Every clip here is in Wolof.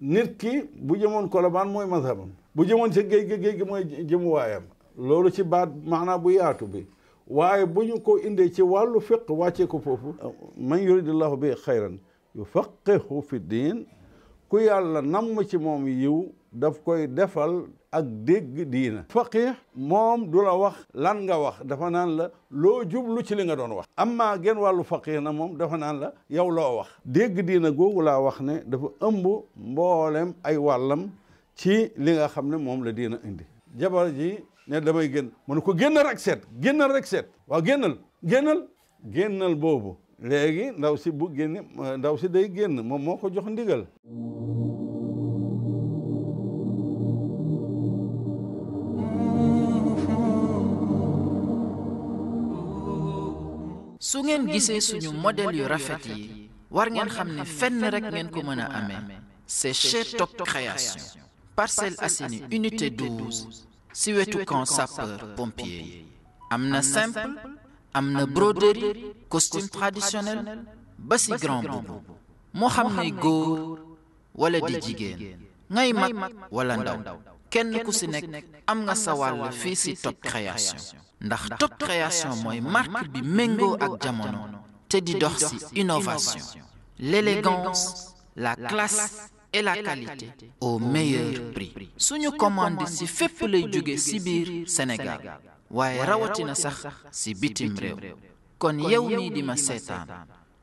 nit ki bu jëmoon kolobaan mooy mazhabam bu jëmoon ci géej gi géej gi mooy jëmuwaayam loolu ci baat maanaam bu yaatu bi waaye bu ñu ko indee ci wàllu fiq wàccee ko foofu man yuridillahu bi xayran yufaqihu fi diin ku yàlla namm ci moom yiw daf koy defal ak dégg diina faqih moom du la wax lan nga wax dafa naan la loo jublu ci li nga doon wax amma genn wàllu faqih na moom dafa naan la yow loo wax dégg diina googu laa wax ne dafa ëmb mboolem ay wàllam ci li nga xam ne moom la diina indi jabar ji ne damay génn mu ne ko génnal rek seet génnal rek seet waaw génnal génnal génnal boobu léegi ndaw si bu génne ndaw si day génn moom moo ko jox ndigal su ngeen gisee suñu modèle yu rafet yi war ngeen xam ne fenn rek ngeen ko mën a amee c'est chez Top Création Parcelles Assainies unité 12 si wetu camp sapeur pompier yi am na simple am na broderie costume traditionnel ba si grand boubou moo xam ne góor wala di jigéen ngay mag wala ndaw kenn ku si nekk am nga sa wàll fii si Top Création ndax top création mooy marque bi méngoo ak jamono te di dox ci innovation l'élégance la classe et la qualité au meilleur prix suñu commande ci fépp lay jóge ci biir Sénégal waaye rawatina sax ci bitim réew kon yow mii di ma seetaan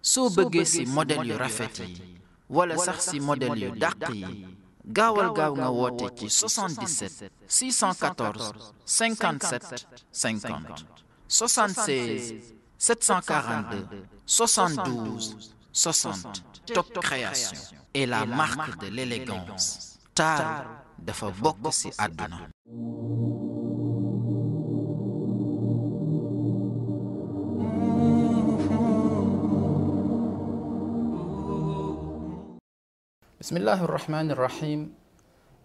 soo bëggee ci modèle yu rafet yi wala sax ci modèle yu dàq yi gaawal gaaw nga woote ci 77 614 57 50 76 742 72 60 Top Création est la marque de l'élégance taar dafa bokk ci àdduna بسم الله الرحمن الرحيم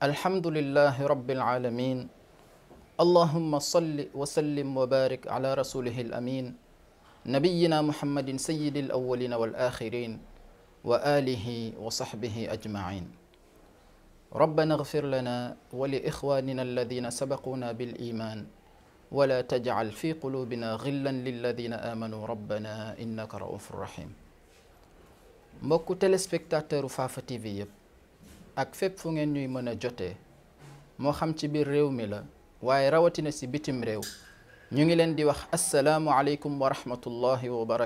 الحمد لله رب العالمين اللهم صل وسلم وبارك على رسوله الأمين نبينا محمد سيد الأولين والآخرين وآله وصحبه أجمعين ربنا اغفر لنا ولإخواننا الذين سبقونا بالإيمان ولا تجعل في قلوبنا غلا للذين آمنوا ربنا إنك رؤوف رحيم mbokku téléspectateur Fafa TV yëpp ak fépp fu ngeen ñuy mën a jotee moo xam ci biir réew mi la waaye rawatina si bitim réew ñu ngi leen di wax asalaamualeykum wa rahmatullahi wa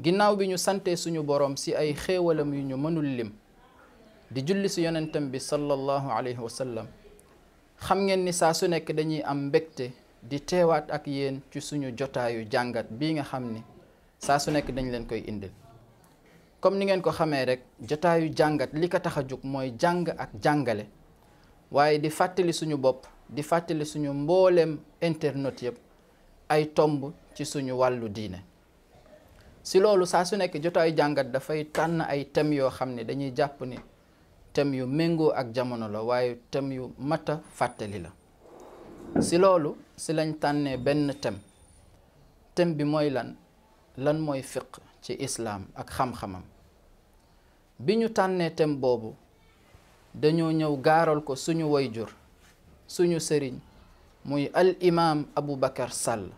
ginnaaw bi ñu sante suñu boroom si ay xéewalam yu ñu mënul lim di julli ci yonentam bi sallallahu alayhi wa xam ngeen ni saa su nekk dañuy am mbegte di teewaat ak yéen ci suñu jotaayu jàngat bii nga xam ni saa su nekk dañ leen koy indil comme ni ngeen ko xamee rek jotaayu jàngat li ko tax a jóg mooy jàng ak jàngale waaye di fàttali suñu bopp di fàttali suñu mbooleem internet yëpp ay tomb ci suñu wàllu diine si loolu saa su nekk jotaayu jàngat dafay tànn ay thèmes yoo xam ne dañuy jàpp ni thèmes yu méngoo ak jamono la waaye tem yu mat fàttali la si loolu si lañ tànnee benn tem thème bi mooy lan lan mooy fiq ci islaam ak xam-xamam bi ñu tànnee thème boobu dañoo ñëw gaaral ko suñu wayjur suñu sëriñ muy al imaam Aboubacar Sall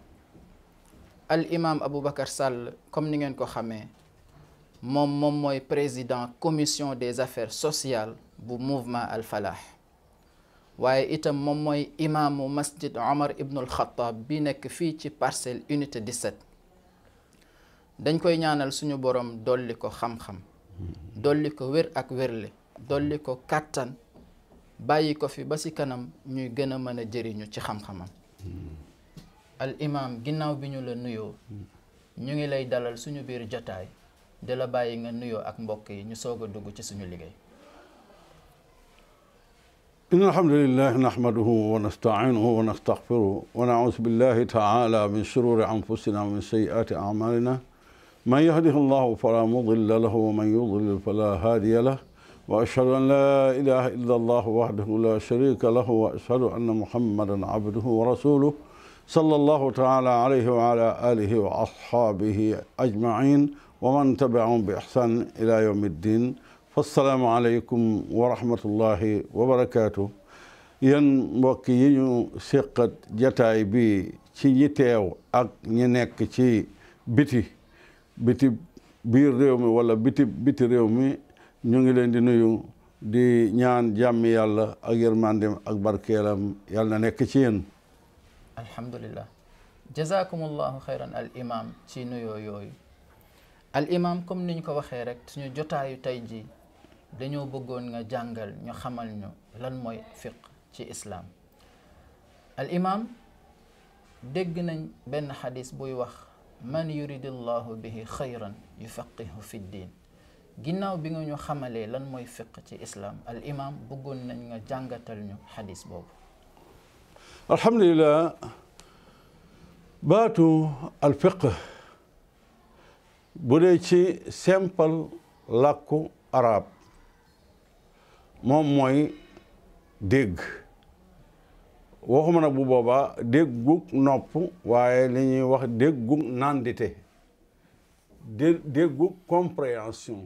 al imaam Aboubacar Sall comme ni ngeen ko xamee moom moom mooy président commission des affaires sociales bu mouvement al Falah waaye itam moom mooy imaamu masjid Omar ibnul Khattab bi nekk fii ci parcelle unité set dañ koy ñaanal suñu borom dolli ko xam-xam. dolli ko wér ak wérle dolli ko kàttan bàyyi ko fi ba ci kanam ñuy gën a mën a jëriñu ci xam-xamam al imaam ginnaaw bi ñu la nuyoo ñu ngi lay dalal suñu biir jotaay di la bàyyi nga nuyoo ak mbokk yi ñu soog a dugg ci suñu liggéey إن الحمد لله نحمده ونستعينه ونستغفره ونعوذ بالله تعالى من شرور من يهده الله فلا مضل له ومن يضلل فلا هادي له وأشهد أن لا إله إلا الله وحده لا شريك له وأشهد أن محمدا عبده ورسوله صلى الله تعالى عليه وعلى آله وأصحابه أجمعين ومن تبعهم بإحسان إلى يوم الدين فالسلام عليكم ورحمة الله وبركاته yen mbokk yi ñu séqat jataay bi ci ñi teew ak ñi nekk ci biti biti biir réew mi walla biti biti réew mi ñu ngi leen di nuyu di ñaan jàmmi yàlla ak yërmandem ak barkeelam yàlla na nekk ci yéen alhamdulillah jazakumullahu xayran al imam ci nuyoo yooyu al imam comme niñ ko waxee rek ñu jotaayu tey ji dañoo bëggoon nga jàngal ñu xamal ñu lan mooy fiq ci islaam al dégg nañ benn xadis buy wax man yuridillahu bihi xayran yufaqihu fi diin ginnaaw bi nga ñu xamalee lan mooy fiq ci islaam al imam bëggoon nañ nga jàngatal ñu xadis boobu alhamdulilah baatu al bu dee ci simple lakku arab moom mooy dégg waxuma nag bu boobaa déggug nopp waaye li ñuy wax déggug nandité dé déggug compréhension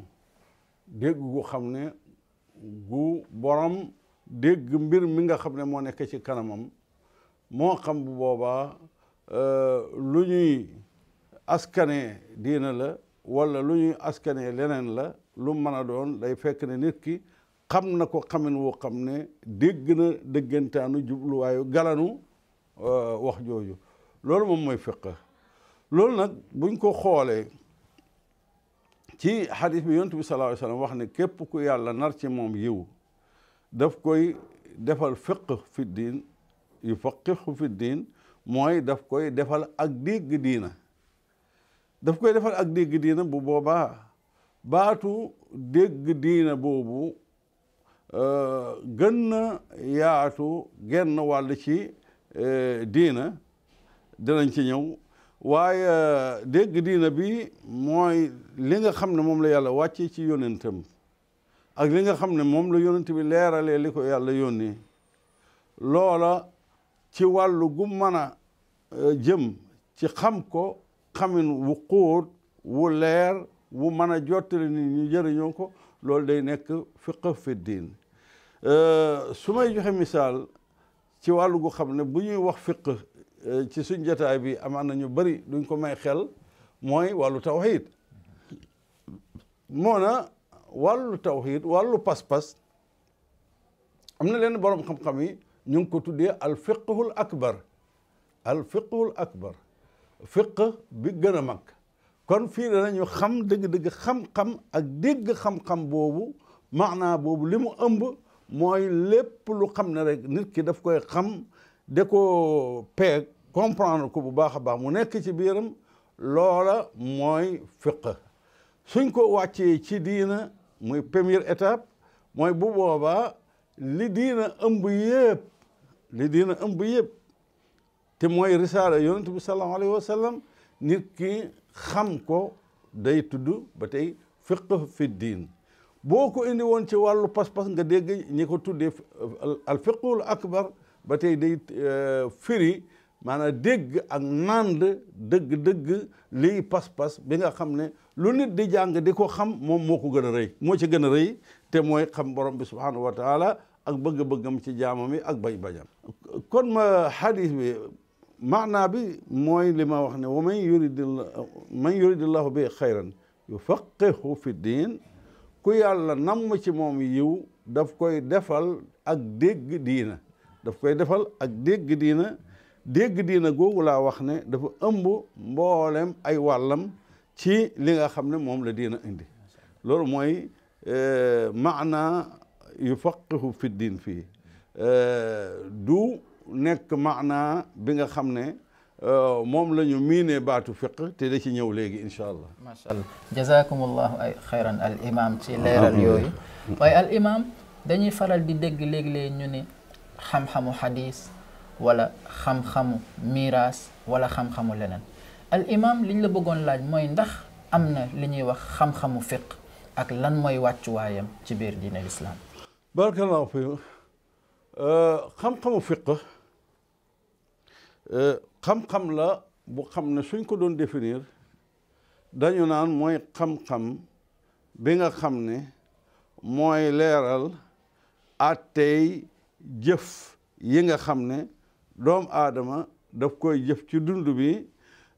dégg gu xam ne gu borom dégg mbir mi nga xam ne moo nekk ci kanamam moo xam bu boobaa euh, lu ñuy askane diina la wala lu ñuy askane leneen la lu mën a doon day fekk ne nit ki xam na ko xamin woo xam ne dégg na dëggantaanu jubluwaayu galanu euh, wax jooju loolu moom mooy fiq loolu nag buñ ko xoolee ci xadis bi yontu bi sallallahu wax ne képp ku yàlla nar ci moom yiw daf koy defal fiq fi diin yu faqihu fi diin mooy daf koy defal ak dégg diina daf koy defal ak dégg diina bu boobaa baatu dégg diina boobu Euh, gën na yaatu genn wàll ci euh, diina dinañ ci ñëw waaye euh, dégg diina bi mooy li nga xam ne moom la yàlla wàcce ci yónentam ak li nga xam ne moom la yónent bi leeralee li ko yàlla yónni loola ci wàllu gu mën a jëm ci xam ko xamin wu wu leer wu mën a jottali ni ñu jëriñoo ko loolu day nekk fiqh fi diin Euh, su may joxe misaal ci wàllu gu xam ne bu ñuy wax fiq euh, ci suñ jataay bi amaan na ñu bëri duñ ko may xel mooy wàllu tawxiid moo na wàllu tawxiid wàllu pas-pas am na leen boroom xam-xam yi ñu ngi ko tuddee al fiqhul akbar al fiqhul akbar fiq bi gën mag kon fii danañu xam dëgg-dëgg xam-xam ak dégg xam-xam boobu naa boobu li mu ëmb mooy lépp lu xam ne rek nit ki daf koy xam de ko peeg comprendre ko bu baax a baax mu nekk ci biiram loola mooy fiq suñ ko wàccee ci diina muy première étape mooy bu boobaa li diina ëmb yëpp li diina ëmb yëpp te mooy risaala yonent bi sallallahu alayhi wa sallam nit ki xam ko day tudd ba tey fiq fi diin boo ko indi woon ci wàllu pas-pas nga dégg ñi ko tuddee al fiqhul akbar ba tey day euh, firi maanaam dégg ak nànd dëgg-dëgg lii pas-pas bi nga xam ne lu nit di jàng di ko xam moom moo ko gën a rëy moo ci gën a rëy te mooy xam borom bi subhanahu wa taala ak bëgg-bëggam ci jaamam yi ak bañ-bañam kon ma xadis bi maanaa bi mooy li ma wax ne wa man yuridi man yuridillahu bi xayran yufaqihu fi diin ku yàlla namm ci moom yiw daf koy defal ak dégg diina daf koy defal ak dégg diina dégg diina googu laa wax ne dafa ëmb mboolem ay wàllam ci li nga xam ne moom la diina indi loolu mooy euh, maana yu faqihu fi fii euh, du nekk maana bi nga xam ne Euh, moom la ñu miinee baatu fiq te da ci ñëw léegi incha allah. macha allah jazakumullahu ay xayran al imam ci leeral yooyu. waaye al imam dañuy faral di dégg léeg-léeg ñu ne xam-xamu xadis wala xam-xamu miiras wala xam-xamu leneen al imam liñ la bëggoon laaj mooy ndax am na li ñuy wax xam-xamu fiq ak lan mooy wàccuwaayam ci biir diine lislaam. barakallahu fi euh, xam-xamu fiq. Euh, xam-xam la bu xam ne suñ ko doon définir dañu naan mooy xam-xam bi nga xam ne mooy leeral àttey jëf yi nga xam ne doom aadama daf koy jëf ci dund bi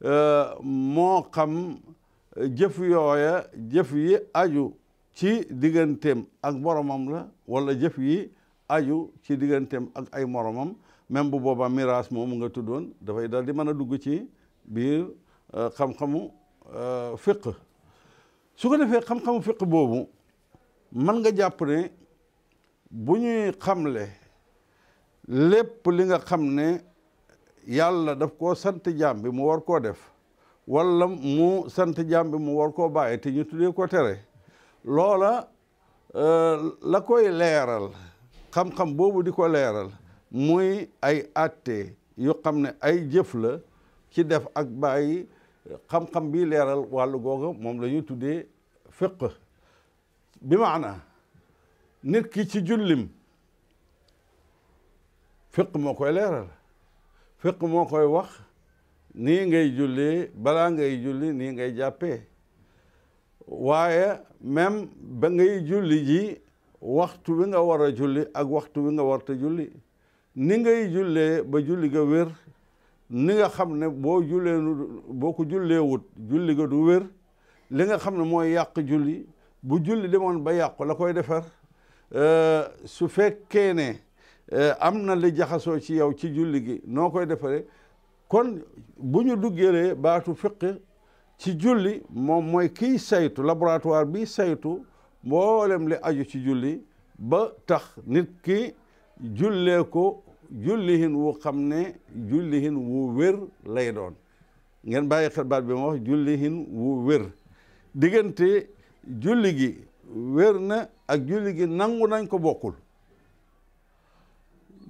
euh, moo xam jëf yooya jëf yi aju ci digganteem ak boromam la walla jëf yi aju ci digganteem ak ay moromam même bu boobaa miraas moomu nga tuddoon dafay daal di mën a dugg ci biir euh, xam-xamu euh, fiq su ko defee xam-xamu fiq boobu man nga jàpp ne bu ñuy xamle lépp li nga xam ne yàlla def koo sant jaam bi mu war koo def wala mu sant jàmbi mu war koo bàyyi te ñu tuddee ko tere loola euh, la koy leeral xam-xam boobu di ko leeral muy ay atte yu xam ne ay jëf la ci def ak bàyyi xam-xam bi leeral wàllu googu moom la tuddee fiq bi maana nit ki ci jullim fiq moo koy leeral fiq moo koy wax ni ngay julli balaa ngay julli nii ngay jàppee waaye même ba ngay julli ji waxtu wi nga war a julli ak waxtu wi nga warta julli ni ngay jullee ba julli ga wér ni nga xam ne boo jullee boo ko jullee wut julli ga du wér li nga xam ne mooy yàq julli bu julli demoon ba yàqu la koy defar euh, su fekkee ne euh, am na li jaxasoo ci yow ci julli gi noo koy defaree kon bu ñu duggeelee baatu fiq ci julli moom mooy kiy saytu laboratoire bi saytu mboolem li aju ci julli ba tax nit ki jullee ko jullihin wu xam ne jullihin wu wér lay doon ngeen bàyyi xel baat bi ma wax jullihin wu wér diggante julli gi wér na ak julli gi nangu nañ ko bokkul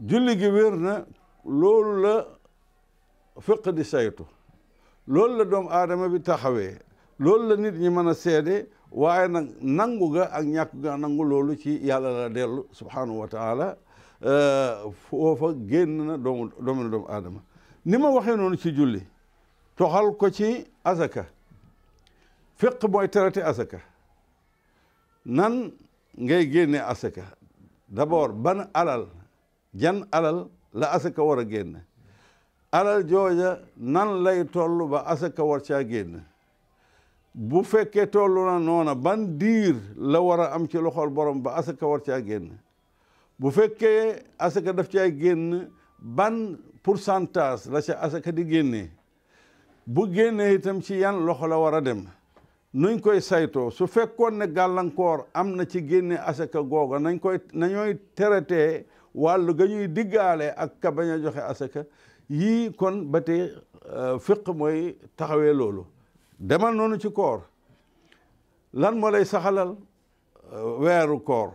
julli gi wér na loolu la fiq di saytu loolu la doomu aadama bi taxawee loolu la nit ñi mën a seede waaye nag nangu ga ak ñàkk ga nangu loolu ci yàlla la dellu subhanahu wataala foofa génn na doomu doomu na doomu aadama ni ma waxee noonu ci julli toxal ko ci asaka fiq mooy traité asaka nan ngay génne asaka d'abord ban alal jan alal la asaka war a génn alal jooja nan lay toll ba asaka war caa génn bu fekkee toll na noona ban diir la war a am ci loxol borom ba asaka war caa génn bu fekkee asaka daf cay génn ban pourcentage la ca asaka di génnee bu génnee itam ci yan loxo la war a dem nuñ koy saytoo su fekkoon ne gàllankoor am na ci génne asaka googa nañ koy nañooy teretee wàllu ga ñuy diggaale ak ka bañ a joxe asaka yii kon ba te euh, fiq mooy taxawee loolu demal noonu ci koor lan moo lay saxalal euh, weeru koor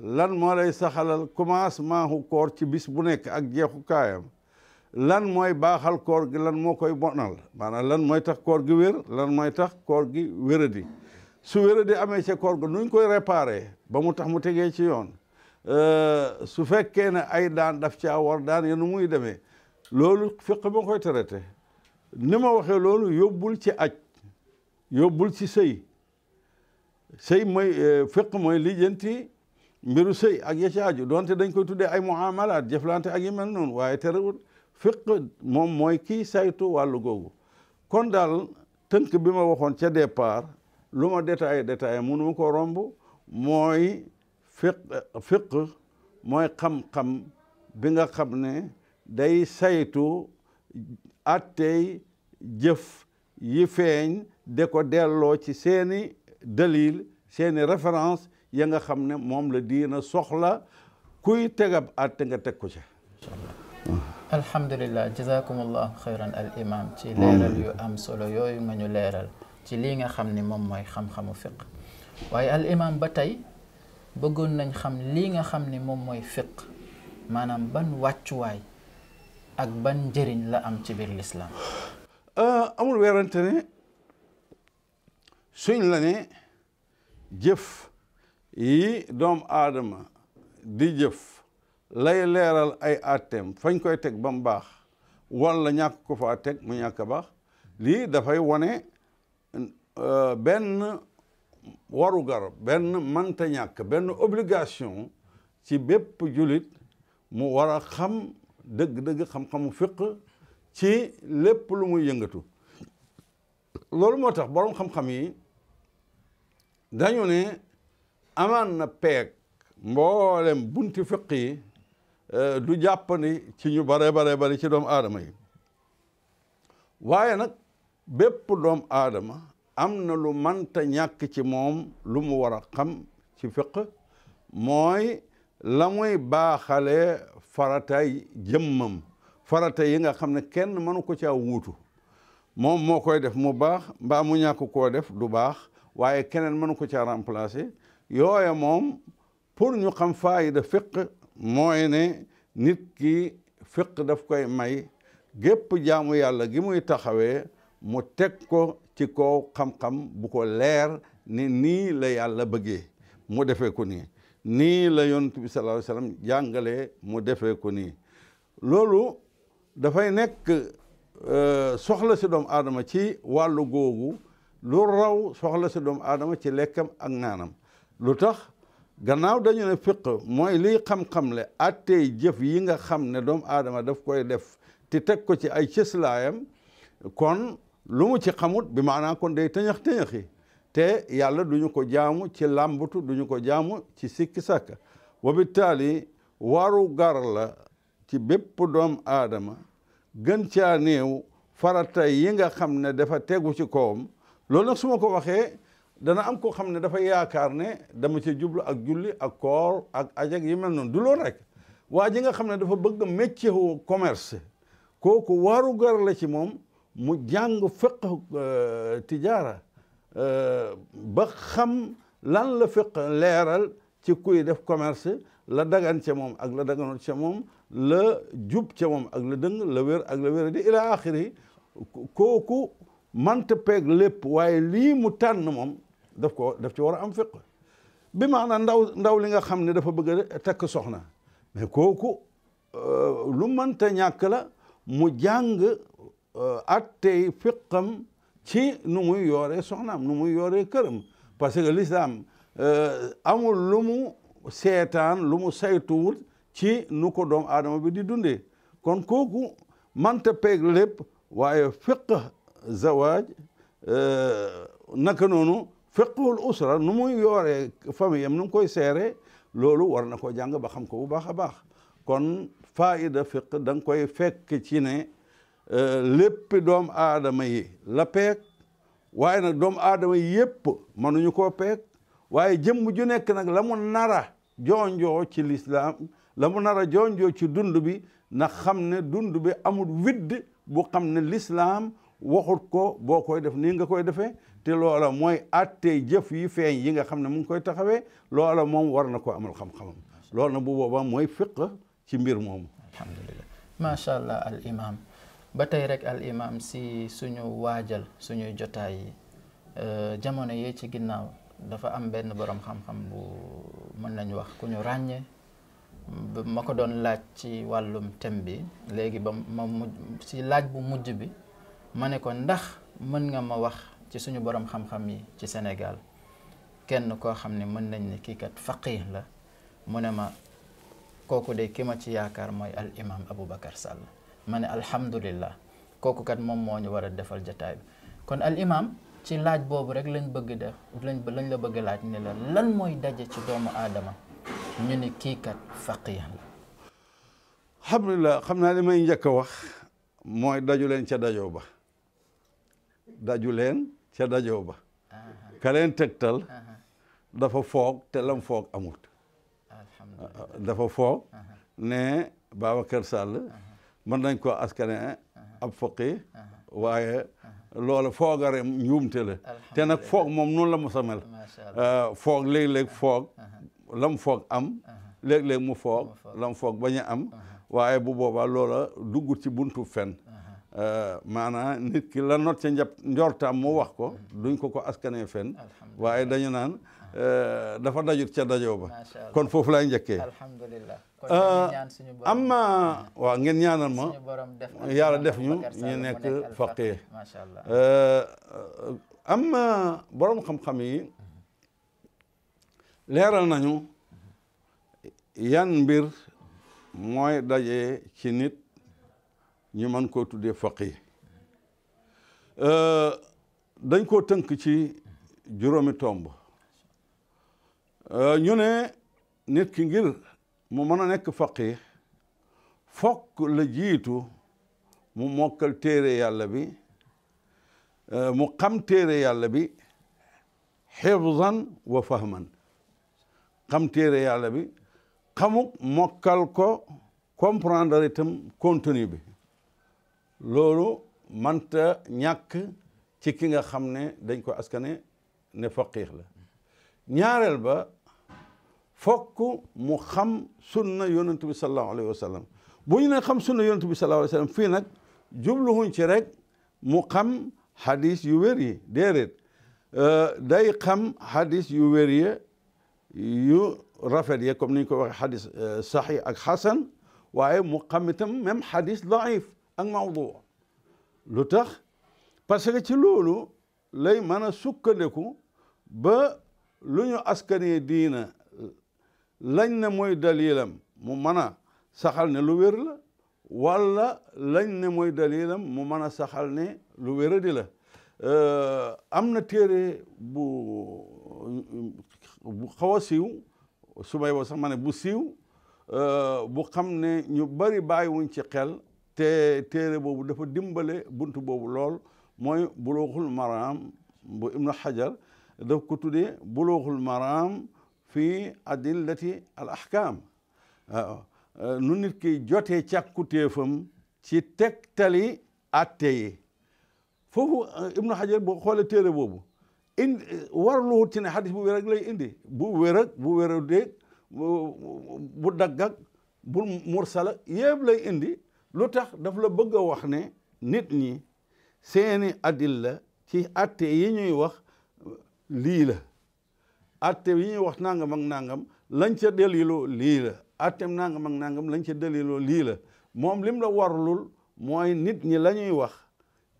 lan moo lay saxalal commencement hu koor ci bis bu nekk ak jeexu kaayam lan mooy baaxal koor gi lan moo koy bonal maanaam lan mooy tax koor gi wér lan mooy tax koor gi wéradi su wéradi amee si koor ga nuñ koy réparé ba mu tax mu tegee ci yoon euh, su fekkee ne ay daan daf ci war daan yenu muy demee loolu fiq ma koy traité ni ma waxee loolu yóbbul ci aj yóbbul ci sëy sëy mooy euh, fiq mooy lijjanti mbiru sëy ak ya ci aju donte dañ koy tuddee ay muamalaat jëflante ak yi mel noonu waaye terewul fiq moom mooy kii saytu wàllu googu kon daal tënk bi ma waxoon ca départ lu ma détaillé détaillé mënu ma ko romb mooy fiq fiq mooy xam-xam bi nga xam ne day saytu attey jëf yi feeñ de ko delloo ci seeni dalil seeni référence ya nga xam ne moom la diina soxla kuy tegab àtte nga teg ko ci alhamdulilah jazakumullah xayran al imam ci leeral yu am solo yooyu nga ñu leeral ci lii nga xam ni moom mooy xam-xamu fiq waaye al ba tey bëggoon nañ xam lii nga xam ni moom mooy fiq maanaam ban wàccuwaay ak ban njëriñ la am ci biir lislaam euh, amul weerante ne suñ la ne jëf yii doomu aadama di jëf lay leeral ay atteem fañ koy teg ba mu baax wala ñàkk ko faa teg mu ñàkk a baax lii dafay wane euh, benn warugar benn mënta ñàkk benn obligation ci bépp jullit mu war a xam dëgg-dëgg xam-xamu fiq ci lépp lu muy yëngatu loolu moo tax boroom xam-xam yi dañu ne amaan na peek mboolem bunti fiq yi eh, du ni ci ñu bare bare bari ci doomu aadama yi waaye nag bépp doom aadama am na lu manta ñàkk ci moom lu mu war a xam ci fiq mooy la muy baaxalee faratay farata yi nga xam ne kenn mënu ko caa wutu moom moo koy def mu baax mbaa mu ñàkk koo def du baax waaye keneen mënu ko caa remplacer yooya moom pour ñu xam da fiq mooy ne nit ki fiq daf koy may gépp jaamu yàlla gi muy taxawee mu teg ko ci kaw xam-xam bu ko leer ni nii la yàlla bëggee mu defee ko nii nii la yonent bi sallallahu alayhi jàngalee mu defee ko nii loolu dafay nekk euh, soxla si doomu aadama ci wàllu googu lu raw soxla si doomu aadama ci lekkam ak naanam lu tax gannaaw dañu ne fiq mooy liy xam-xam le attey jëf yi nga xam ne doomu aadama def koy def ti teg ko ci ay cëslaayam kon lu mu ci xamut bi maanaa kon day tëñax tëñaxi te yàlla duñu ko jaamu ci làmbatu duñu ko jaamu ci sikki sàkk wa bittaali waru gar la ci bépp doom aadama gën caa néew farata yi nga xam ne dafa tegu ci kawam loolu nag ko waxee dana am koo xam ne dafa yaakaar ne dama ci jublu ak julli ak koor ak ajag yi mel noonu du loon rek waa ji nga xam ne dafa bëgg métier wu commerce kooku waru gar la ci moom mu jàng fiq euh, tijaara euh, ba xam lan la fiq leeral ci kuy def commerce la dagan ca moom ak la daganul ca moom la jub ca moom ak la dëng la wér ak la wér di ila axiri kooku manta peeg lépp waaye lii mu tànn moom daf ko daf ci war a am fiq bi maanaam ndaw ndaw li nga xam ne dafa bëgg a takk soxna mais kooku euh, lu mënta ñàkk la mu jàng euh, attey fiqam ci nu muy yooree sokhnam nu muy yooree këram parce que l'islam euh, amul lu mu seetaan lu mu saytuwul ci nu ko doom aadama bi di dundee kon kooku mënta peeg lépp waaye fiq zawaaj naka noonu fiqhul usra nu muy yooree famille am nu mu koy seere loolu war na ko jàng ba xam ko bu baax a baax kon faida fiq da nga koy fekk ci ne euh, léppi doom aadama yi la peeg waaye nag doom aadama yi yëpp mënuñu koo peeg waaye jëmm ju nekk nag la mu nara jonjoo ci lislam la mu nara jonjoo ci dund bi na xam ne dund bi amul widd bu xam ne lislaam waxut ko boo koy def nii nga koy defee te loola mooy attey jëf yi feeñ yi nga xam ne mu ngi koy taxawee loola moom war na ko amul xam-xamam loolu na bu boobaa mooy fiq ci mbir moomu alhamdulilah macha allah al imam ba tey rek al imaam si suñu waajal suñuy jotaay yi euh, jamono yee ci ginnaaw dafa am benn borom xam-xam bu mën nañ wax ku ñu ràññee ma ko doon laaj ci wàllum thème bi léegi ba ma mujj si laaj bu mujj bi ma ne ko ndax mën nga ma wax ci suñu boroom xam-xam yi ci Sénégal kenn koo xam ne mën nañ ne kii kat faqih la mu ne ma kooku de ki ma ci yaakaar mooy al abu Aboubacar Sall ma ne alhamdulillah kooku kat moom moo ñu war a defal jataay bi kon al imam ci laaj boobu rek lañ bëgg def lañ la bëgg laaj ne la lan mooy daje ci doomu aadama ñu ne kiikat kat faqih la. alhamdulilah xam naa li may njëkk a wax mooy daju leen ca dajoo ba daju leen. ca dajoo ba ka leen tegtal dafa foog te lam foog amut dafa foog ne Babacar sàll mën nañ ko askane ab faqi waaye loola foogare njuumte la te nag foog moom noonu la mos a mel euh, foog léeg-léeg foog lam foog am léeg-léeg mu foog lam foog bañ am waaye bu boobaa loola dugg ci buntu fen Euh, maanaam nit ki la not ca njab njortaam mu wax ko duñ ko ko askanee fenn waaye dañu naan euh, dafa dajut ca dajoo ba kon foofu laay njëkkee alhamdulillah amma waaw ngeen ñaanal ma yàlla def ñu ñu nekk faqih euh, amma borom xam-xam yi leeral nañu yan mbir mooy daje ci nit ñu mën koo tuddee faqih euh, dañ koo tënk ci juróomi tomb euh, ñu ne nit ki ngir mu mën a nekk faqih fok la jiitu mu mokkal téere yàlla bi euh, mu xam téere yàlla bi xifzan wa fahman xam téere yàlla bi xamuk mokkal ko comprendre itam contenu bi loolu manta ñàkk ci ki nga xam ne dañ ko askane ne faqiix la ñaareel ba fokk mu xam sunna yonent bi sallallahu alayhi wa sallam bu ñu ne xam sunna yonent bi sallallahu alayhi wa sallam fii nag jubluwuñ ci rek mu xam xadis yu wér yi déedéet euh, day xam xadis yu wér yi yu rafet yi comme ni ñu ko waxee xadis euh, saxiix ak xasan waaye mu xam itam même xadis daif ak mawdu lu tax parce que ci loolu lay mën a sukkandiku ba lu ñu askanee diina lañ ne mooy dalilam mu mën a saxal ne lu wér la wala mooy dalilam mu mën a saxal ne lu wér di la euh, am na téere bu bu xaw a siiw su may boo sax ma bu siiw euh, bu xam ne ñu bari bàyyiwuñ ci xel te téere boobu dafa dimbale buntu boobu lool mooy buluuxul maraam bu ibnu xajar daf ko tuddee buluuxul maraam fii adillati al ahkam nu nit ki jotee càkkutéefam ci tegtali atte yi foofu ibnu xajar boo xoolee téere boobu indi warluwut ci ne xadis bu wér lay indi bu wér ak bu wér ak bu dagg bu mursala yëpp lay indi lu tax daf la bëgg a wax ne nit ñi seeni la ci atte yi ñuy wax lii la atte yi ñuy wax nangam ak nangam lañ ca deliloo lii la attem nangam ak nangam lañ ca deliloo lii la moom lim la warlul mooy nit ñi lañuy wax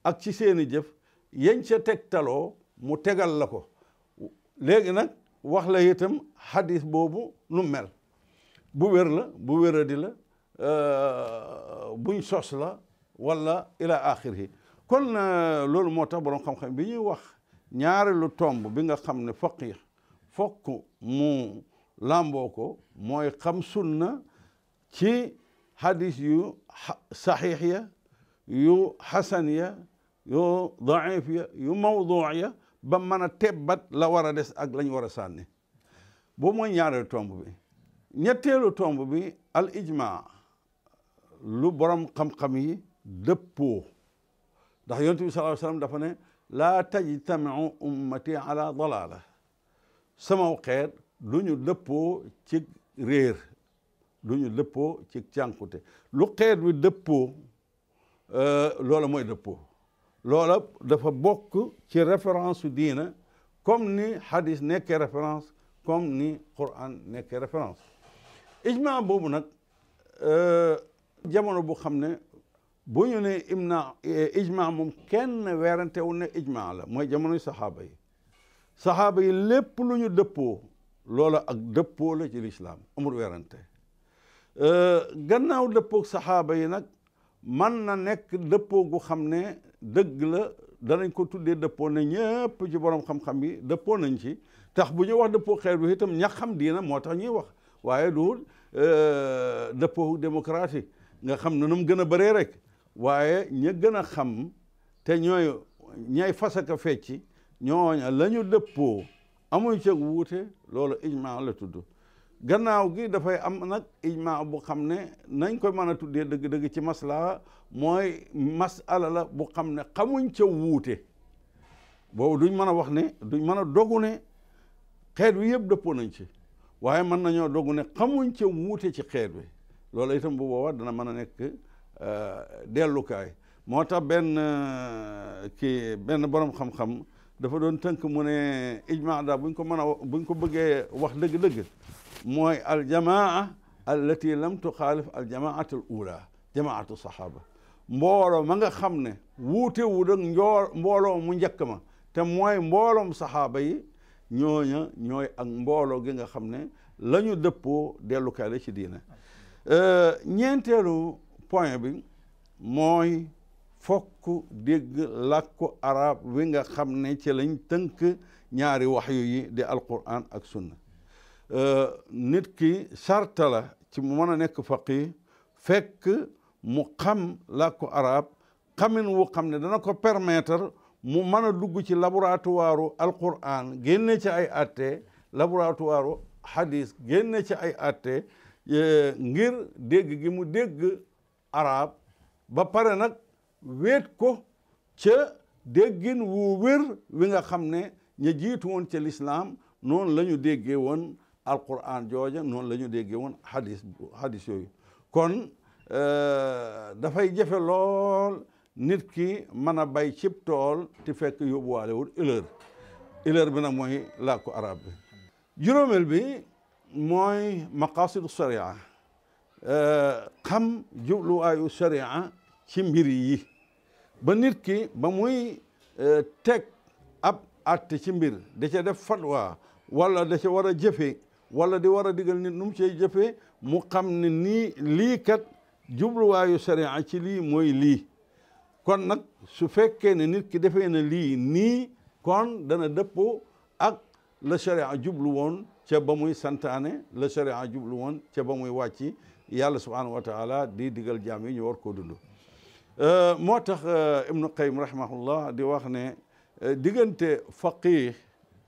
ak ci seeni jëf yañ ca tegtaloo mu tegal la ko léegi nag wax la itam xadis boobu lu mel bu wér la bu wéradi la Euh, buñ sos la wala ila axirihi kon euh, loolu moo tax borom xam-xam bi ñuy wax ñaareelu tomb bi nga xam ne faqih fok mu làmboo ko mooy xam sunna ci hadis yu saxiix ya yu xasan ya yu daif ya yu mawduu ya ba mën tebbat la war a des ak lañ war a sànni boo mooy ñaareelu tomb bi ñetteelu tomb bi al ijma lu borom xam-xam yi dëppoo ndax yonent bi sallallahu alayhi wasallam dafa ne laa tajtamiu ummati ala dalaala sama xeet lu ñu dëppoo ci réer lu ñu dëppoo ci cànkute lu xeet bi dëppoo euh, loola mooy dëppoo loola dafa bokk ci référence su diina comme ni hadis nekkee référence comme ni Qur'an nekkee référence ijma boobu nag euh, jamono bu xam ne bu ñu ne imna eh, ijma moom kenn weerante wu ne ijma la mooy jamonoy saxaaba yi saxaaba yi lépp lu ñu dëppoo loola ak dëppoo la ci lislaam amul weerante eh, gannaaw dëppoog saxaaba yi nag man na nekk dëppoo gu xam ne dëgg la danañ ko tuddee dëppoo na ñëpp ci borom xam-xam yi dëppoo nañ ci tax bu ñu wax dëppoo xeer bi itam ña xam diina moo tax ñuy wax waaye du eh, dëppoo démocratie nga xam na nu mu gën a bëree rek waaye ña gën a xam te ñooy ñay fasaka fecci ñooña la ñu dëppoo amuñ ceg wuute loolu ijmaa la tudd gannaaw gi dafay am nag ijmaa bu xam ne nañ koy mën a tuddee dëgg-dëgg ci maslaa mooy masala la bu xam ne xamuñ ca wuute boobu duñ mën a wax ne duñ mën a dogu ne xeet wi yëpp dëppoo nañ ci waaye mën nañoo dogu ne xamuñ ca wuute ci xeet wi loolu itam bu boobaa dana mën a nekk euh, dellukaay moo tax benn euh, kii benn borom xam-xam dafa doon tënk mu ne ijmaa daal bu ñu ko mën a bu ñu ko bëggee wax dëgg-dëgg mooy aljamaa allati lam tuxaalif aljamaatu al ula jamaatu saxaaba mboolo ma nga xam ne wuute wu ak njool mbooloo mu njëkk ma te mooy mbooloom saxaaba yi ñooña ñooy ak mbooloo gi nga xam ne la ñu dëppoo dellukaay la ci diina Euh, ñeenteelu point bi mooy fokk dégg làkku arab wi nga xam ne ci lañ tënk ñaari waxyu yi di alquran ak sunna euh, nit ki sarta la ci mu mën a nekk faqih fekk mu xam làkku arab xamin wu xam ne dana ko permettre mu mën a dugg ci laboratoire alquran génne ci ay atte laboratoire hadis génne ci ay atte ngir dégg gi mu dégg arab ba pare nag wéet ko ca déggin wu wi nga xam ne ña jiitu woon ca lislaam noonu la déggee woon alquran jooja noonu lañu ñu déggee woon hadis hadis yooyu kon euh, dafay jafe lool nit ki mën a bay cib tool te fekk yóbbuwaale wul ileur ileur bi nag mooy làkku arab bi juróomeel bi mooy maqaasidu sharia euh, xam jubluwaayu sharia ci mbir yi ba nit ki ba muy euh, teg ab atte ci mbir da ca def fatwa wala da ca war a jëfe wala di war a digal nit nu ce cay mu xam ne nii lii kat jubluwaayu sharia ci lii mooy lii kon nag su fekkee ne nit ki defee na lii nii kon dana dëppoo ak la sharia jubluwoon ca ba muy santaane la sharia jublu woon ca ba muy wàcci yàlla subhanahu wa taala di diggal jaam yi ñu war koo dundu euh, moo tax euh, ibnu qayyim rahimahullah di wax ne euh, diggante faqih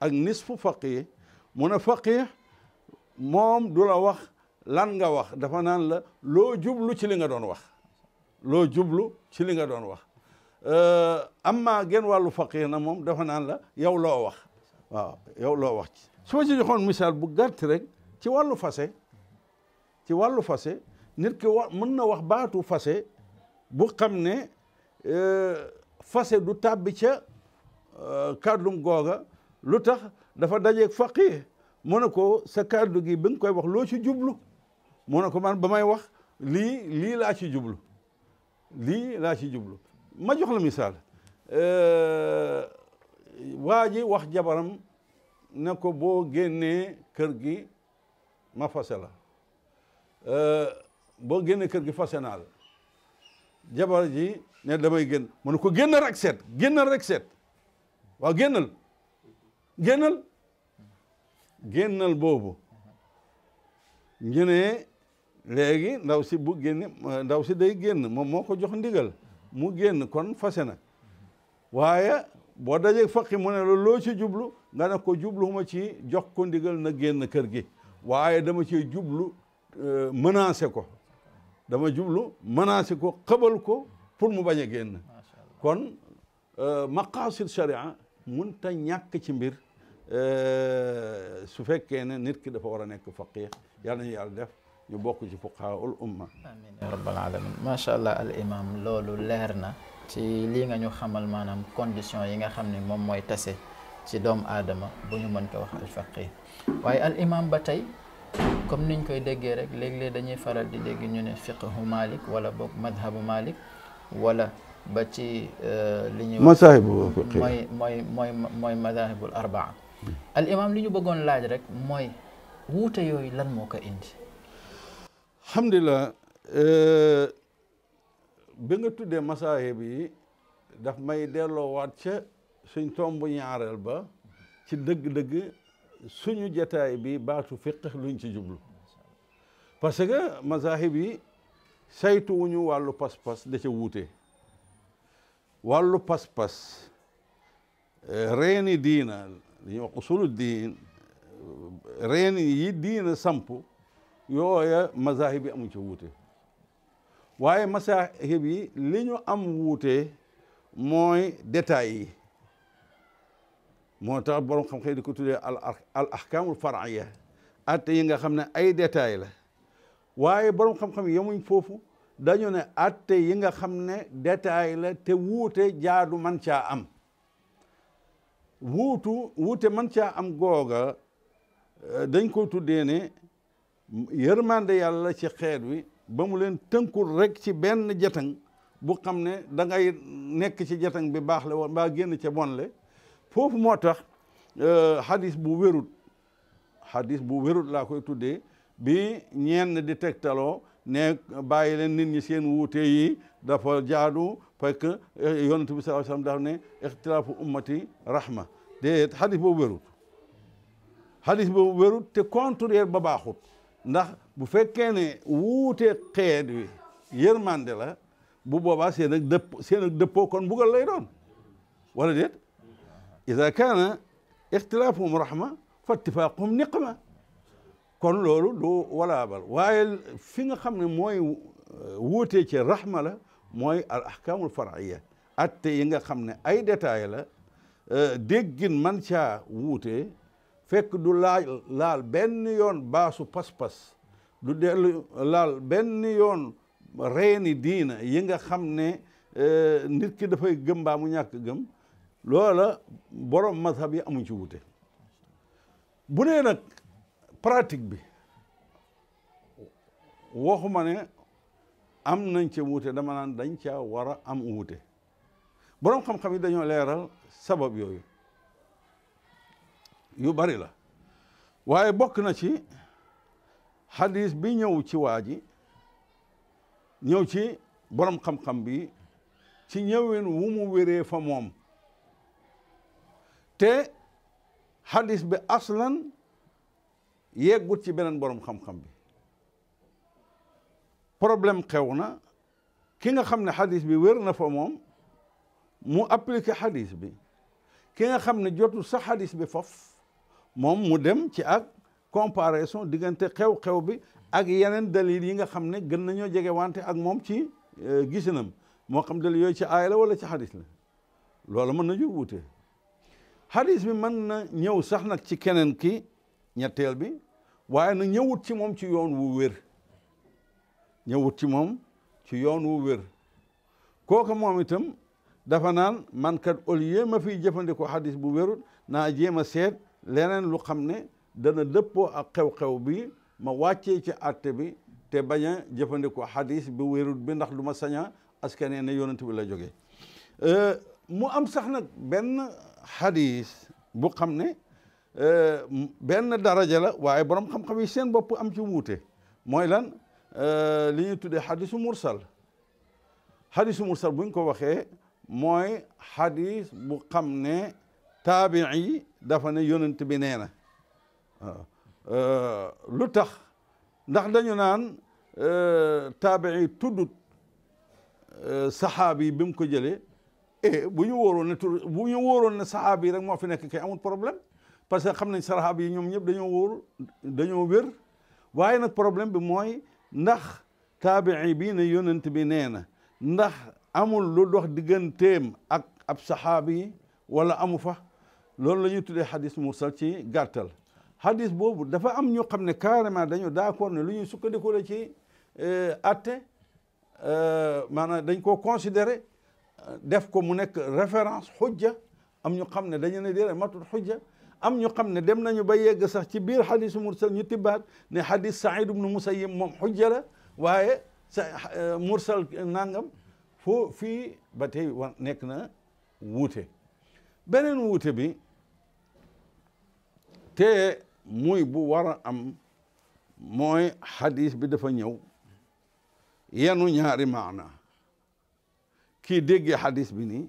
ak nisfu faqih mu ne faqih moom du la wax lan nga wax dafa naan la loo jublu ci li nga doon wax loo jublu ci li nga doon wax amma gen wàllu faqih na moom dafa naan la yow loo wax waaw yow loo wax ci su ma ci joxoon misaal bu gàtt rek ci wàllu fase ci wàllu fase nit ki mën na wax baatu fase bu xam ne euh, fase du tàbbi ca euh, kàddum googa lu tax dafa dajeeg faqih mu ne ko sa kàddu gi bi koy wax loo ci jublu mu ne ko man ba may wax lii lii laa ci jublu lii laa ci jublu ma jox la misaal euh, waa ji wax jabaram ne ko boo génnee kër gi ma fase la boo génnee kër gi fase jabar ji ne damay génn mën ko génnal rek seet génnal rek seet waaw génnal boobu ñu ne léegi ndaw si bu génne ndaw si day génn moom moo ko jox ndigal mu génn kon fase na waaye boo dajee faqi mu ne la loo ci jublu nga ne ko jubluwuma ci jox ko ndigal na génn kër gi waaye dama ci jublu euh, menacé ko dama jublu menacé ko xëbal ko pour mu bañ a génn kon euh, maqasid sharia mun ta ñàkk ci mbir euh, su fekkee ne nit ki dafa war a nekk faqih yàlla nañu yàlla def ñu bokk ci fuqahaul umma amin ya rabbal alamin macha allah al imam loolu leer na ci lii nga ñu xamal maanaam condition yi nga xam ne moom mooy tase ci doomu aadama bu ñu mën ko wax alfaqih waaye al imam ba tey comme niñ koy déggee rek léeg-léeg dañuy faral di dégg ñu ne fiqhu malik wala boog madhabu malik wala ba ci euh, li ñuy masaahibu fiqhi mooy mooy mooy mooy madahibul arbaa al li ñu bëggoon laaj rek mooy wuute yooyu lan moo ko indi alhamdulilah euh, bi nga tuddee masaahib yi daf may delloowaat ca suñ tomb ñaareel ba ci dëgg-dëgg suñu jataay bi baatu fiqh luñ ci jublu parce que masaahib yi saytu wuñu wàllu pas-pas da ca wuute wàllu pas-pas euh, reeni diina dañuy wax usulu diin euh, reeni yi diina samp yooya masaahib yi amuñ ca wuute waaye masaahib yi li ñu am wuute mooy détails yi moo tax borom xam-xam di ko tuddee al ahkaamul far'iyya atte yi nga xam ne ay détails la waaye borom xam-xam yemuñ foofu dañu ne atte yi nga xam ne détail la te wuute jaadu man caa am wuutu wuute man caa am googa dañ ko tuddee ne yërmande yàlla ci xeet wi ba mu leen tënkul rek ci benn jataŋ bu xam ne da ngay nekk ci jataŋ bi baax le woon mbaa génn ca bon le foofu moo tax euh, hadis bu wérut hadis bu wérut laa koy tuddee bi ñenn di tegtaloo ne bàyyi leen nit ñi seen wuute yi dafa jaadu parce que euh, yonent bi sallallahu alayhi wasallam daf ne ixtilaafu ummati rahma déet hadis boobu wérut hadis boobu wérut te contraire ba baaxut ndax bu fekkee ne wuutee xeet wi yërmande la bu boobaa seen ak dëpp seen ak dëppoo kon mbugal lay doon wala déet ida kaana ixtilaafuhum rahma fa ittifaaquhum niqma kon loolu du walaabal waaye fi nga xam ne mooy euh, wuutee ci rahma la mooy al ahkaamul faraiya atte yi nga xam ne ay détail la euh, déggin man caa wuute fekk du laal laal benn yoon baasu pas-pas du dellu laal benn yoon reeni diina yi nga xam ne e, nit ki dafay gëm baa mu ñàkk gëm loola boroom mazhab yi amuñ ci wute bu nee nag pratique bi waxuma ne am nañ ca wuute dama naan dañ a war a am wuute boroom xam-xam yi dañoo leeral sabab yooyu yu bari la waaye bokk na ci xadiis bi ñëw ci waa ji ñëw ci borom xam-xam bi ci ñëwin wu mu wéree fa moom te xadis bi aslan yeggut ci beneen borom xam-xam bi problème xew na ki nga xam ne xadis bi wér na fa moom mu appliqué xadis bi ki nga xam ne jotul sa xadis bi faf moom mu dem ci ak comparaison diggante xew-xew bi ak yeneen dalil yi nga xam ne gën nañoo jege wante ak moom ci euh, gisinam moo xam dalil yooyu ci aaya la wala ci xadis la loolu mën na jur wuute xadis bi mën na ñëw sax nag ci keneen ki ñetteel bi waaye na ñëwut ci moom ci yoon wu wér ñëwut ci moom ci yoon wu wér kooku moom itam dafa naan man kat au lieu ma fiy jëfandikoo xadis bu wérut naa jéem a seet leneen lu xam ne dana dëppoo ak xew-xew bi ma wàccee ci àtte bi te bañ a jëfandikoo xadis bi wérut bi ndax du ma sañ a askanee ne yonent bi la jógee euh, mu am sax nag benn xadis bu xam ne euh, benn daraja la waaye borom xam-xam yi seen bopp am ci wute mooy lan euh, li ñuy tuddee xadisu mursal xadisu mursal buñ ko waxee mooy xadis bu xam ne taabii dafa ne yonent bi nee na Euh, lu tax ndax dañu naan euh, taabi'i tuddut euh, saxaabi bi mu ko jëlee e bu ñu wóoroon ne tur bu ñu wóoroon ne rek moo fi nekk kay amul problème parce que xam nañ saxaabi yi ñoom ñëpp dañoo wóor dañoo wér waaye nag problème bi mooy ndax taabi'i bii na yonent bi nee na ndax amul lu dox digganteem ak ab saxaabi wala amu fa loolu la ñuy tuddee xadis mursal ci gàttal hadis boobu dafa am ñoo xam ne carrément dañu d'accord ne lu ñuy sukkandiku la ci euh, atte euh, maanaam dañ koo considéré euh, def ko mu nekk référence xujja am ñu xam ne dañu ne déedéet matul xujja am ñu xam ne dem nañu ba yegg sax ci biir xadis mursal ñu tibbaat ne xadis Saïd ibnu Musayyib moom xujja la waaye sa mursal nangam foo fii ba tey wa nekk na wuute beneen wuute bi te muy bu war a am mooy xadis bi dafa ñëw yanu ñaari maana kii déggee xadis bi nii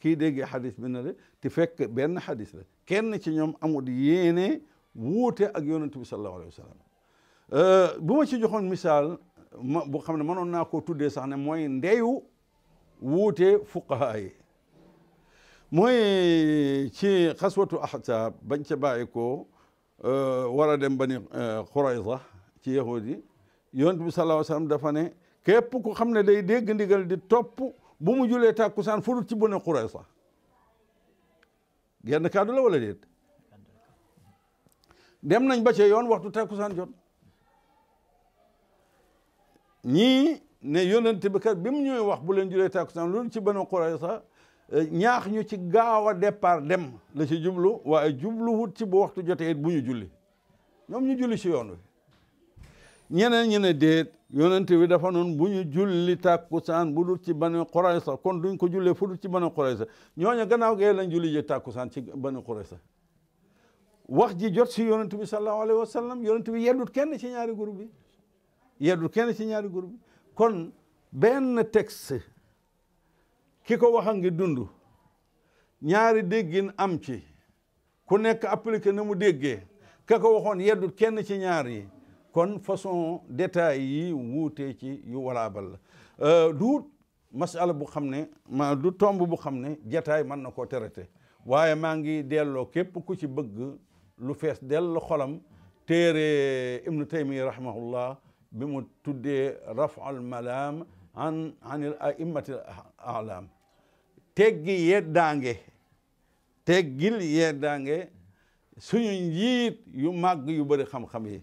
kii déggee xadis bi na le te fekk benn xadis la kenn ci ñoom amul yéene wuute ak yonent bi sallallahu alayhi sallam euh, bu ma ci joxoon misaal ma bu xam ne mënoon naa koo tuddee sax ne mooy ndeyu wuute fuqaha yi mooy ci xaswatu ahzab bañ ca bàyyi ko Euh, war a dem bani euh, Xurayza ci yahud yi yonent bi sallallahu dafa ne képp ku xam ne day dégg ndigal di topp bu mu julee tàkkusaan furut ci bani Xurayza genn kàddu la wala déet dem nañ ba ce yoon waxtu tàkkusaan jot ñii ne yonent bi kat bi mu ñëwee wax bu leen julee tàkkusaan loolu ci bani Xurayza Euh, ñaax ñu ci gaaw a départ dem la ci jublu waaye jubluwut ci bu waxtu jotee bu ñu julli ñoom ñu julli ci yoon wi ñeneen ñene déet yonent bi dafa noon bu ñu julli tàkkusaan bu dul ci bani Qurayza kon duñ ko jullee fu dul ci bani Qurayza ñooñu gannaaw gee lañ julli ji tàkkusaan ci bani Qurayza wax ji jot si yonent bi sallallahu alayhi wa sallam yonent bi yeddut kenn ci ñaari groupe bi kenn ci ñaari groupe bi kon benn texte ki ko wax ngi dund ñaari déggin am ci ku nekk appliqué na mu déggee ka ko waxoon yeddut kenn ci ñaar yi kon façon détail yi wuutee ci yu walaabal la euh, du masala bu xam ne ma du tomb bu xam ne jataay mën na koo traité waaye maa ngi delloo képp ku ci bëgg lu fees dell xolam téere ibnu taymi rahimahullah bi mu tuddee rafal malaam an an al aimati al teggi yeddaange teggil yeddaange suñu njiit yu màgg yu bëri xam-xam yi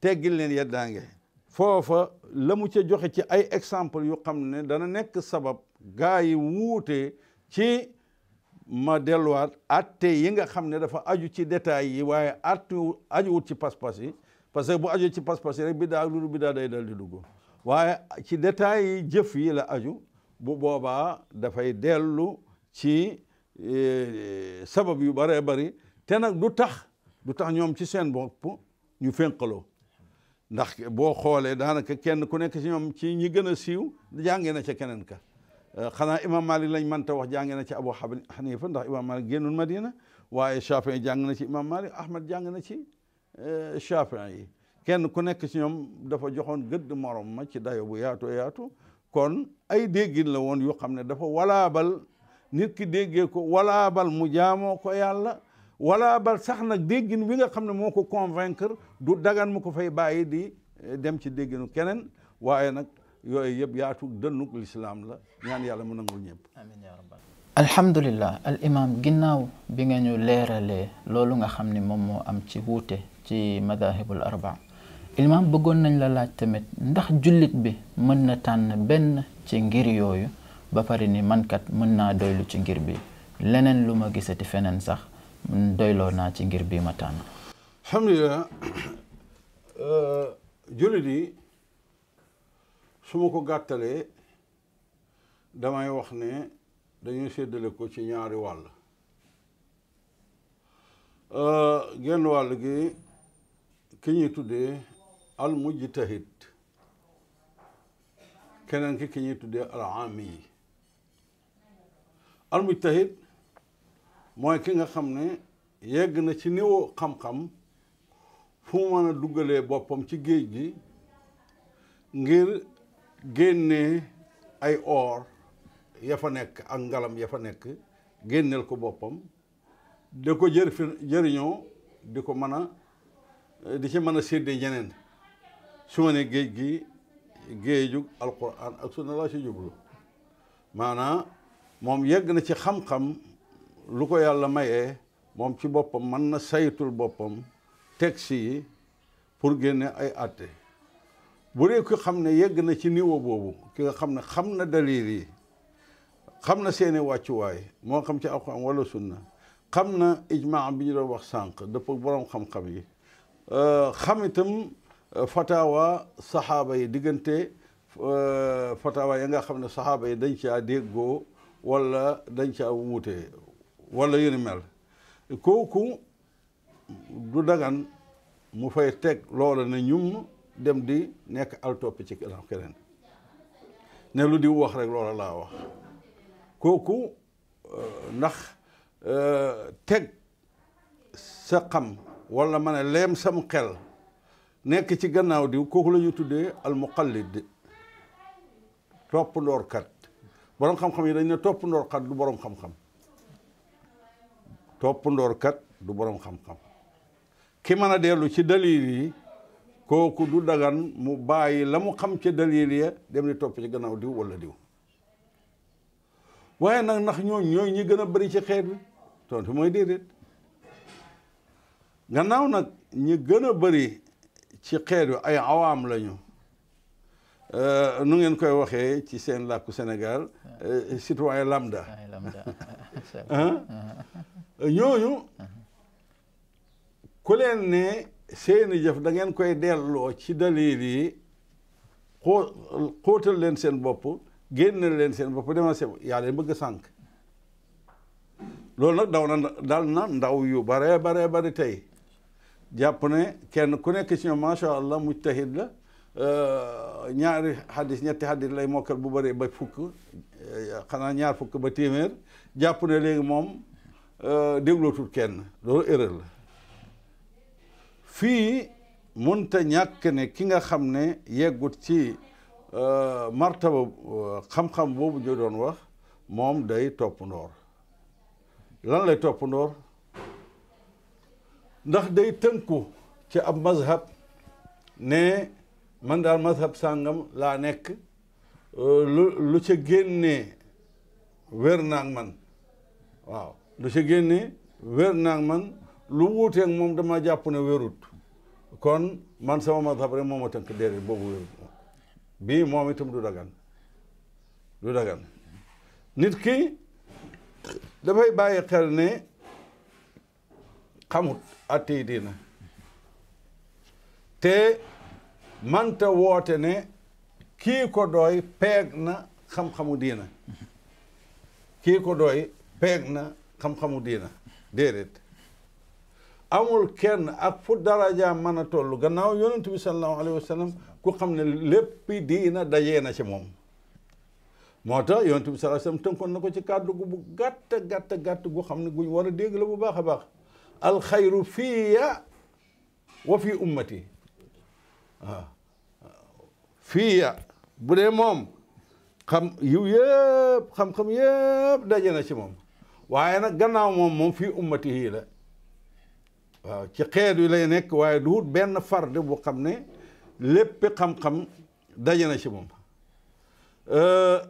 teggil leen yeddaange foofa la mu ca joxe ci ay exemple yu xam ne dana nekk sabab gaa yi wuute ci ma delluwaat atte yi nga xam ne dafa aju ci détails yi waaye atte ajuwut ci pas-pas yi parce que bu aju ci pas-pas yi rek biddaa ak lu biddaa day daal di dugg waaye ci détails yi jëf yi la aju bu boobaa dafay dellu ci e, sabab yu bëree bari te nag du tax du tax ñoom ci seen bopp ñu fénqaloo ndax boo xoolee daanaka kenn ku nekk ci ñoom ci ñi gën a siiw jàngee na ca keneen ka euh, xanaa imam malik lañ mënta wax jàngee na ci abu xanifa ndax imam malik génnul madina waaye shafii jàng na ci imam malik ahmad jàng na ci euh, shafii yi kenn ku nekk ci ñoom dafa joxoon gëdd morom ma ci dayo bu yaatu yaatu kon ay déggin la woon yoo xam ne dafa walaabal nit ki déggee ko walaabal mu jaamoo ko yàlla walaabal sax nag déggin wi nga xam ne moo ko convaincre du dagan mu ko fay bàyyi di eh, dem ci dégginu keneen waaye nag yooyu yëpp yaatug dënnug lislaam la ñaan yàlla mu nangul ñëpp amiin yaa rabbal alhamdulillah al imam ginnaaw bi nga ñu leeralee loolu nga xam ne moom moo am ci wuute ci madahibul arba Imaam bëggoon nañ la laaj tamit ndax jullit bi mën na tànn benn ci ngir yooyu ba pare ni mankat mën naa doylu ci ngir bi leneen lu ma gisati feneen sax doyloo naa ci ngir bi ma tànn. alhamdulilah euh, su ma ko gàttalee damay wax ne dañuy séddale ko ci ñaari wàll euh, genn wàll gi ki ñuy tuddee al mujtahid keneen ki ki ñuy tuddee al aami yi al mujtahid mooy ki nga xam ne yegg na ci niveau xam-xam fu mu a duggalee boppam ci géej gi ngir génnee ay or ya fa nekk ak ngalam ya fa nekk génneel ko boppam di ko jër jëriñoo di ko mën a di ci mën a séddee ñeneen su ma ne géej gi géejug alquran ak sunna laa si jublu maanaam moom yegg na ci xam-xam lu ko yàlla maye moom ci boppam mën na saytul boppam texte yi pour génne ay àtte bu dee ku xam ne yegg na ci niwo boobu ki nga xam ne xam na dalil yi xam na seeni wàccuwaay moo xam ci alquran wala sunna xam na ijmaa bi ñu doon wax sànq dëpp boroom xam-xam yi euh, xam fatawa saxaaba yi diggante euh, fatawa ya nga xam ne saxaaba yi dañ caa déggoo wala dañ caa wuute walla yu ni mel kooku du dagan mu fay teg loola na ñum dem di nekk al topp ci keneen ne lu di wax rek loola laa wax kooku euh, ndax euh, teg sa xam wala ma ne leem sam xel nekk ci gannaaw diw kooku la ñu tuddee almuqallid topp ndoorkat borom xam-xam yi dañ ne topp ndoorkat du borom xam-xam topp ndoorkat du boroom xam-xam ki mën a dellu ci dalil yi kooku du dagan mu bàyyi la mu xam ca dalil ya dem ni topp ci gannaaw diw wala diw waaye nag ndax ñoo ñooy ñi gën a bari ci xeet bi tontu mooy déedéet gannaaw nag ñi gën a bari ci xeet wi ay awaam lañu euh, nu ngeen koy waxee ci seen làkku Sénégal euh, citoyen lambda euh, ñooñu ku leen ne seeni jëf dangeen koy delloo ci dalil yi xoo xóotal leen seen bopp génneel leen seen bopp demal seen yaa leen bëgg a sànq loolu nag daw na dal na ndaw yu baree baree bari tey jàpp ne kenn ku nekk ci ñoom macha allah mujtahid la euh, ñaari xadis ñetti xadis lay mokkal bu bëree ba fukk euh, xanaa ñaar fukk ba téeméer jàpp ne léegi moom euh, déglootul kenn loolu erreur la fii mënta ñàkk ne ki nga xam ne yeggut ci martaba xam-xam boobu ñu doon wax moom day topp ndoor lan lay topp ndoor ndax day tënku ci ab mazhab ne man daal mazhab sàngam laa nekk euh, lu lu ca génnee wér naag man waaw lu ci génnee wér naag man lu wuuteeg moom dama jàpp ne wérut kon man sama mazhab rek mooma tënk déedéet boobu wérut bii moom itam du dagan du dagan nit ki dafay bàyyi xel ne xamut attey diina te manta woote ne kii ko doy peeg na xam-xamu diina kii ko doy peeg na xam-xamu diina déedéet amul kenn ak fu daraja mën a toll gannaaw yonent bi sallallahu alayhi ku xam ne léppi diina dajee na ci moom moo tax yonent bi sallallahu tënkoon na ko ci kàddu gu bu gàtt gàtt gàtt gu xam ne guñ war a dégg la bu baax a baax alxayru fiya wa fi ummati waaw ah. fiya bu dee moom xam yiw yëpp xam-xam yëpp daje na ci moom waaye nag gannaaw moom moom fii ummati yii la waaw ci xeet wi lay nekk waaye duut benn farde bu xam ne léppi xam-xam daje na ci moom euh,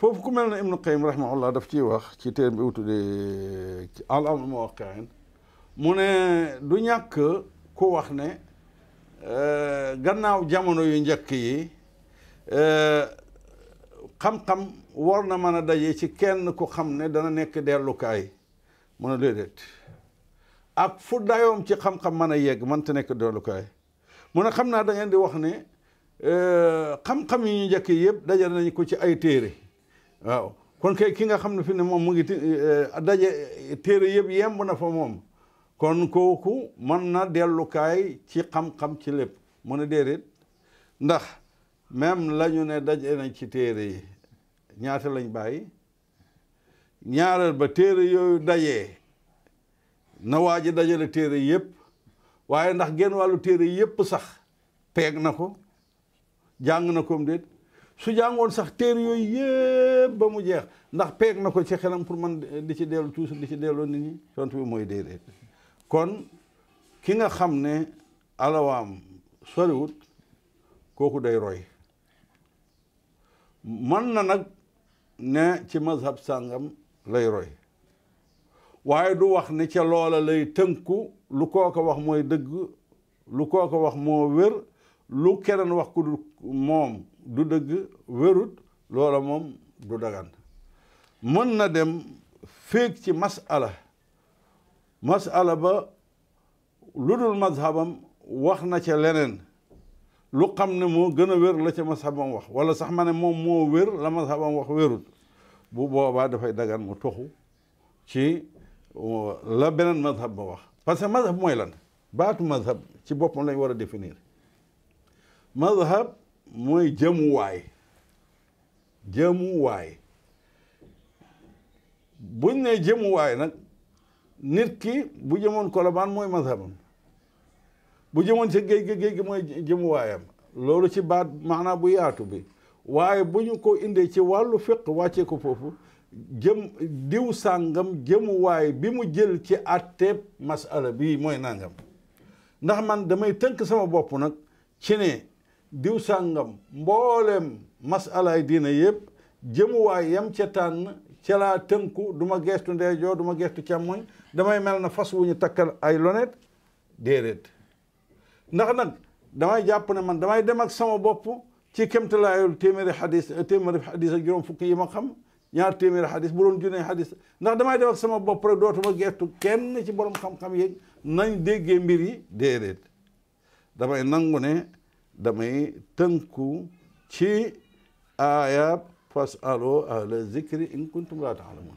foofu ku mel ne Ibnu Qayyim rahimahullah daf ci wax ci téere bi tuddee al amru muwaqqi'in mu ne du ñàkk ku wax ne euh, gannaaw jamono yu njëkk yi euh, xam-xam war na mën a daje ci kenn ku xam ne dana nekk dellukaay mu ne déedéet ak fu dayoom ci xam mën a yegg mënta nekk dellukaay mu ne xam naa da di wax ne euh, xam-xam yi ñu njëkk yi yëpp daje nañ ko ci ay téere waaw kon kay ki nga xam ne fi ne moom mu ngi eh, daje téere yëpp yemb na fa moom kon kooku mën na dellukaay ci xam-xam ci lépp mu ne déedéet ndax même lañu ne daje nañ ci téere yi ñaata lañ bàyyi ñaareel ba téere yooyu dajee na waa ji dajale téere yëpp waaye ndax genn wàllu téere yëpp sax peeg na ko jàng na koom déet su jàngoon sax téer yooyu yëpp ba mu jeex ndax peeg na ko ci xelam pour man di ci dellu toujours di ci delloo nit ñi tontu bi mooy déedéet kon ki nga xam ne alawaam soriwut kooku day roy man na nag ne ci mazhab sàngam lay roy waaye du wax ni ca loola lay tënku lu koo ko wax mooy dëgg lu koo ko wax moo wér lu keneen wax ku dul moom du dëgg wérut loola moom du dagan mën na dem féeg ci masala masala ba lu dul mazhabam wax na ca leneen lu xam ne moo gën a wér la ca mazhabam wax wala sax ma ne moom moo wér la mazhabam wax wérut bu boobaa dafay dagan mu toxu ci euh, la beneen mazhab ba wax parce que mazhab mooy lan baatu mazhab ci boppam lañ war a définir mazhab mooy jëmuwaay jëmuwaay buñ ne jëmuwaay nag nit ki bu jëmoon kolobaan mooy mazhabam bu jëmoon ci géej gi géej gi mooy jëmuwaayam loolu ci baat maanaa bu yaatu bi waaye bu ñu ko indee ci wàllu fiq wàccee ko foofu jëm diw sàngam jëmuwaay bi mu jël ci àtteeb masala bi mooy nangam ndax man damay tënk sama bopp nag ci ne diw sàngam mbooleem masalaay diina yëpp jëmuwaay yam ca tànn ca laa tënku du ma geestu ndeejoor du ma geestu càmmoñ damay mel na fas wu ñu takkal ay lonet déedéet ndax nag damay jàpp ne man damay dem ak sama bopp ci kemtalaayul téeméeri xadis téeméeri xadis ak juróom fukki yi ma xam ñaar téeméeri xadis bu doon junne xadis ndax damay dem ak sama bopp rek dootuma geestu kenn ci borom xam-xam yi nañ déggee mbir yi déedéet damay nangu ne damay tënku ci aayab fasalu ahla zikri in kuntum laa taalamun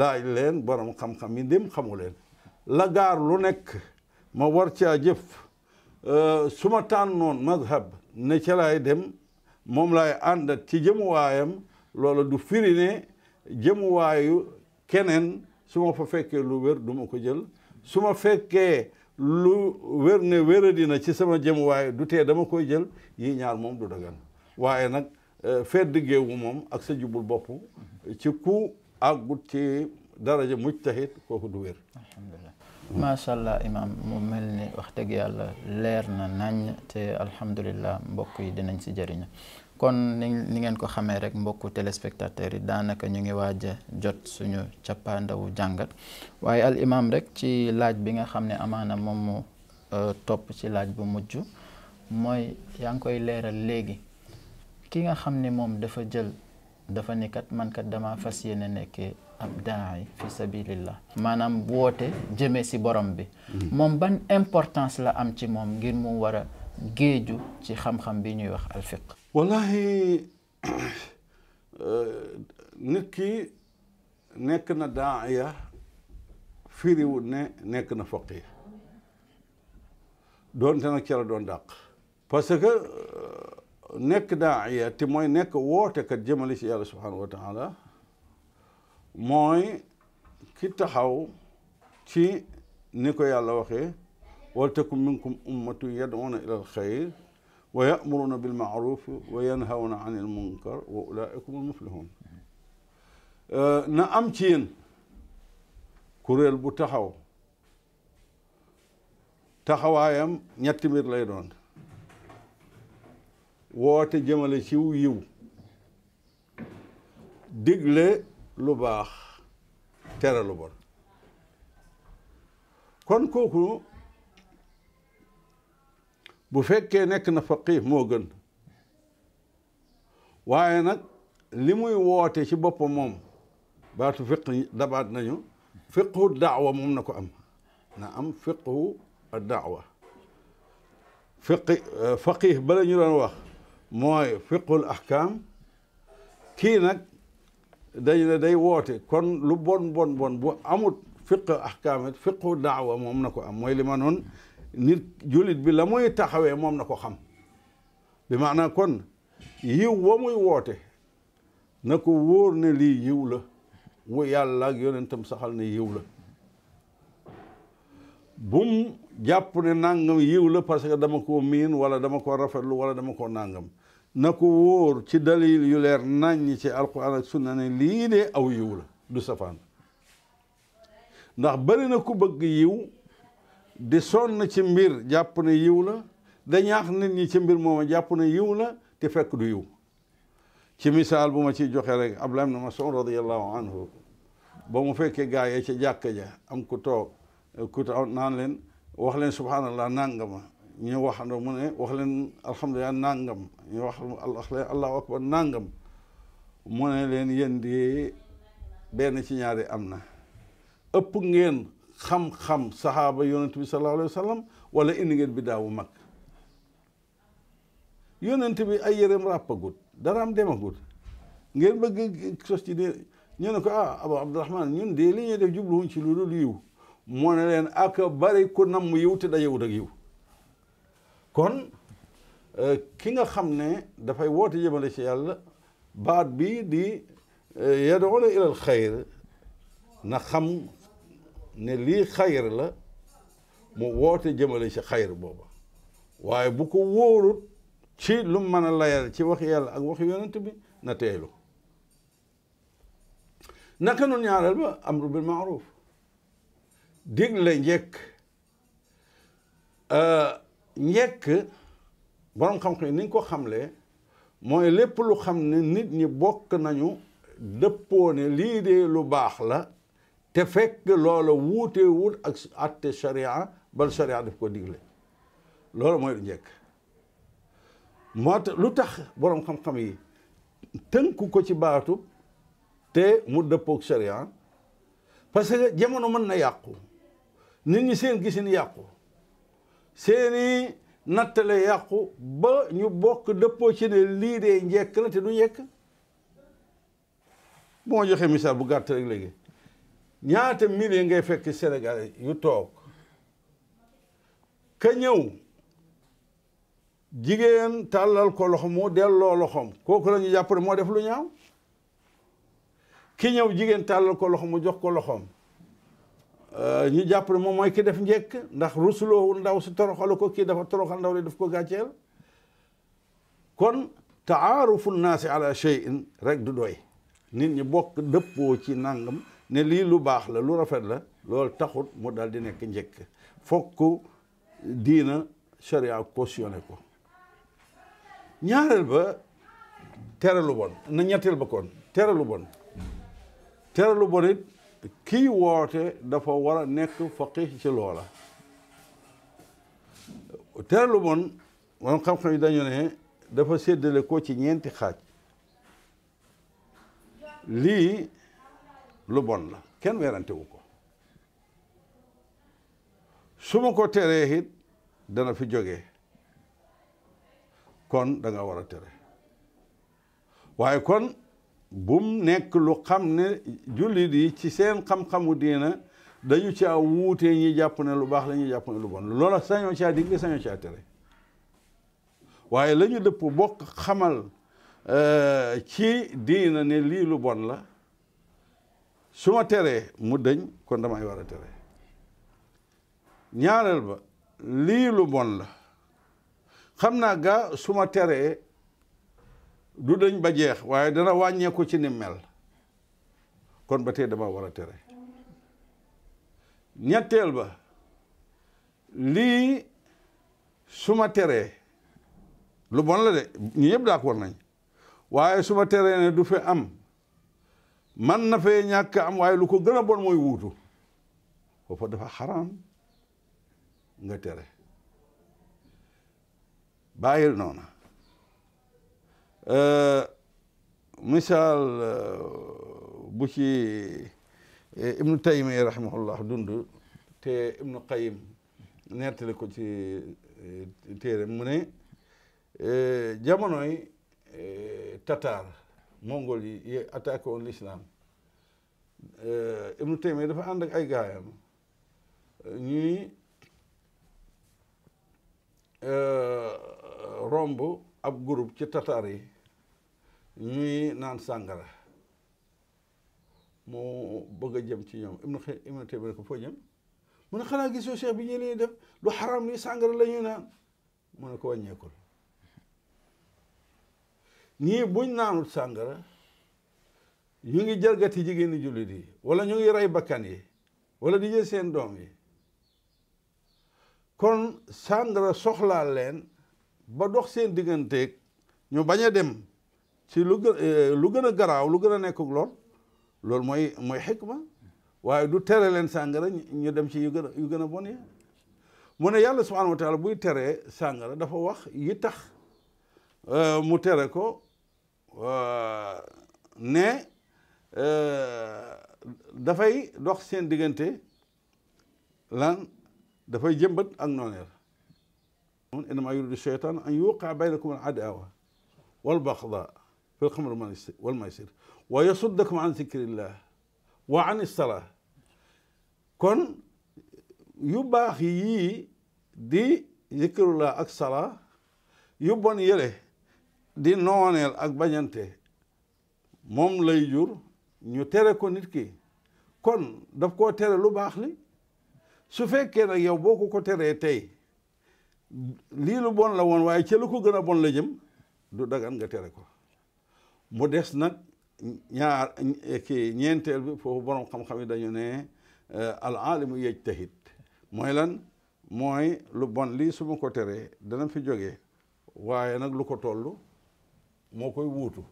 laaj leen borom xam-xam yi dem xamuleen leen la gaar lu nekk ma war caa jëf euh, su ma tànnoon mazhab ne ca lay dem moom lay àndat ci jëmuwaayam loola du firi ne jëmuwaayu keneen su ma fa fekkee lu wér du ma ko jël su ma fekkee lu wér ne wéradi na ci sama jëm waaye du tee dama koy jël yi ñaar moom du dagan waaye nag euh, fedd géewu moom ak sa jubul bopp ci ku àggut ci daraja mujtahid kooku du wér alhamdulilah macha allah imaam mu mel ni wax dëgg yàlla leer na nañ te alhamdulilah mbokk yi dinañ si jëriñu kon ni ngeen ko xamee rek mbokku téléspectateurs yi daanaka ñu ngi waaj a jot suñu cappaandawu jàngat waaye al imam rek ci laaj bi nga xam ne amaana moom mu euh, topp ci laaj bu mujj mooy yaa ngi koy leeral léegi ki nga xam ne moom dafa jël dafa ni kat man kat dama fas yéene nekkee ab daay fi sabilillah maanaam woote jëmee si borom bi mm-hmm. moom ban importance la am ci moom ngir mu war a géeju ci xam-xam bi ñuy wax alfiq wallahi eh, nit ki nekk na daaya firiwut ne nekk na faqih doonte nag ca doon dàq parce que eh, nekk daaya te mooy nekk wootekat jëmale ci yàlla subhanahu wa mooy ki taxaw ci ni ko yàlla waxee wal takum ummatu yad'una ila al xayr wa yamuruuna bilmaaruf wa yanhawna an il munkar na am ci yéen kuréel bu taxaw taxawaayam ñetti mbir lay doon woote jëmale ciw yiw digle lu baax tere kon kooku bu fekkee nekk na faqih moo gën waaye nag li muy woote ci boppa moom baatu fiq dabaat nañu fiqhu daawa moom na ko am na am fiqhu daawa fiqi euh, faqih bala ñu doon wax mooy fiqhul ahkaam kii nag day ne day woote kon lu bon bon bon bu amut fiq ahkaam it fiqhu daawa moom na ko am mooy li ma noon nit jullit bi la muy taxawee moom na ko xam bi maanaam kon yiw wa muy woote na ko wóor ne lii yiw la wu yàlla ak yonentam saxal ne yiw la bum jàpp ne nàngam yiw la parce que dama ko miin wala dama koo rafetlu wala dama koo nàngam na ko wóor ci dalil yu leer nàññ ci alquran ak sunna ne lii de aw yiw la du safaan ndax bari na ku bëgg yiw di sonn ci mbir jàpp na yiw la da ñaax nit ñi ci mbir mooma jàpp na yiw la te fekk du yiw ci misaal bu ma ciy joxe rek Abdullah ma Mas'ud radiyallahu anhu ba mu fekkee gaa yee ci jàkk ja am ku toog ku toog naan leen wax leen subhanallah nangama ñu wax na mu ne wax leen alhamdulillah nangam ñu wax allahu akbar nangam mu ne leen yéen di benn ci ñaari am na ëpp ngeen xam-xam saxaaba yonent bi sallallahu alayhi wa sallam wala indi ngeen biddaa bu mag yonent bi ay yëreem ràppagut daraam demagut ngeen bëgg sos ci ne ñu ne ko ah abu abdurahman ñun de li ñuy def jubluwuñ ci lu dul yiw moo ne leen ak bari ku nam yiw te dajewut ak yiw kon euh, ki nga xam ne dafay woote jëmale ci yàlla baat bi di euh, yadoona ilal xayr na xam ne lii xayr la mu woote jëmale ci xayr booba waaye bu ko wóorut si lu mën a layal ci wax yàlla ak wax yonent bi na teelu naka nun ñaareel ba amru bil maaruf digle njëkk euh, njëkk boroom xam-xam ni ñu ko xamle mooy lépp lu xam ne nit ñi bokk nañu dëppoo ne lii de lu baax la te fekk loola wuuteewul ak atte charia bal charia daf ko digle loolu mooy lu njekk moo tax lu tax boroom xam-xam yi tënku ko ci baatu te mu dëppoog charia parce que jamono mën na yàqu nit ñi seen gisin yàqu seeni nattale yàqu ba ñu bokk dëppoo ci ne lii dee njekk la te du njekk bu ma joxee misaal bu gàtt rek léegi ñaata milliers ngay fekk Sénégalais yu toog ka ñëw jigéen tàllal ko loxo mu delloo loxoom kooku la ñu jàpp moo def lu ñaaw ki ñëw jigéen tàllal ko loxo mu jox ko loxoom euh, ñu jàpp ne moom mooy ki def njëkk ndax rusuloo ndaw si toroxalu ko kii dafa toroxal ndaw li daf ko gàcceel kon taarufu naasi ala cheyin rek du doy nit ñi bokk dëppoo ci nangam ne lii lu baax la lu rafet la loolu taxut mu dal di nekk njëkk fokk diina sharia cautionné ko ñaareel ba tere lu bon na ñetteel ba kon tere lu bon tere lu bon it kii woote dafa war a nekk faqih ci loola tere lu bon moom xam-xam yi dañu ne dafa seddale ko ci ñeenti xaaj lii lu bon la kenn werante wu ko su ma ko teree it dana fi jóge kon danga war a tere waaye kon bu nekk lu xam ne jullit yi ci seen xam-xamu diina dañu caa wuute ñi jàpp ne lu baax la ñuy jàpp ne lu bon loola sañoo caa digle sañoo caa tere waaye lañu ñu dëpp bokk xamal euh, ci diina ne lii lu bon la suma teree mu dëñ kon damay war a tere ñaareel ba lii lu bon la xam naa gaa suma teree du dëñ ba jeex waaye dana wàññeeku ci ni kon ba tey dama war a tere ñetteel ba lii su ma teree lu bon la de ñu ñëpp d'accord nañ waaye su ma teree ne du fi am man na fee ñàkk am waaye lu ko gën a bon mooy wuutu foofa dafa xaraam nga tere bàyyil noona euh, misaal euh, bu ci eh, ibnu taymi rahimahullah dund te ibnu qayim nettali ko ci eh, téere mu ne eh, jamonoy tataar mongol yi yee attaqué woon l'islam eh, Ibnu Taymiya dafa ànd ak ay gaayam ñuy eh, romb ab groupe ci tatar yi ñuy naan sàngara moo bëgg a jëm ci ñoom Ibnu Ibnu Taymiya ko foo jëm mu ne xanaa gisoo cheikh bi ñu leen def lu xaram li sàngara la ñuy naan mu ne ko wàññeekul ñii buñ naanut sàngara ñu ngi jalgati jigéeni jullit yi wala ñu ngi rey bakkan yi wala di jël seen doom yi kon sàngara soxlaal leen ba dox seen digganteeg ñu bañ a dem ci lu gë eh, lu gën a garaaw lu gën a nekkuk lool loolu mooy mooy xikma waaye du tere leen sàngara ñu dem ci yu gën a gën a bon yi mu ne yàlla subhanahu wa buy teree sàngara dafa wax yi tax eh, mu tere ko Euh, ne euh, dafay dox seen diggante lan dafay jëmbat ak nooneer moom innama yuridu sheytaan an yuqa baynakum al adaawa wal baxda fil xamr wal maysir wa yasuddakum an zikrillah wa an issalaa kon yu baax yii di zikrullah ak salaa yu bon yële di nooneel ak bañante moom lay jur ñu tere ko nit ki kon daf koo tere lu baax li su fekkee nag yow boo ko ko teree tey lii lu bon la woon waaye ci lu ko gën a bon la jëm du dagan nga tere ko mu des nag ñaar kii ñeenteel bi foofu borom xam-xam yi dañu ne eh, al alimu yajtahid mooy lan mooy lu bon lii su ma ko teree dana fi jóge waaye nag lu ko toll moo koy wuutu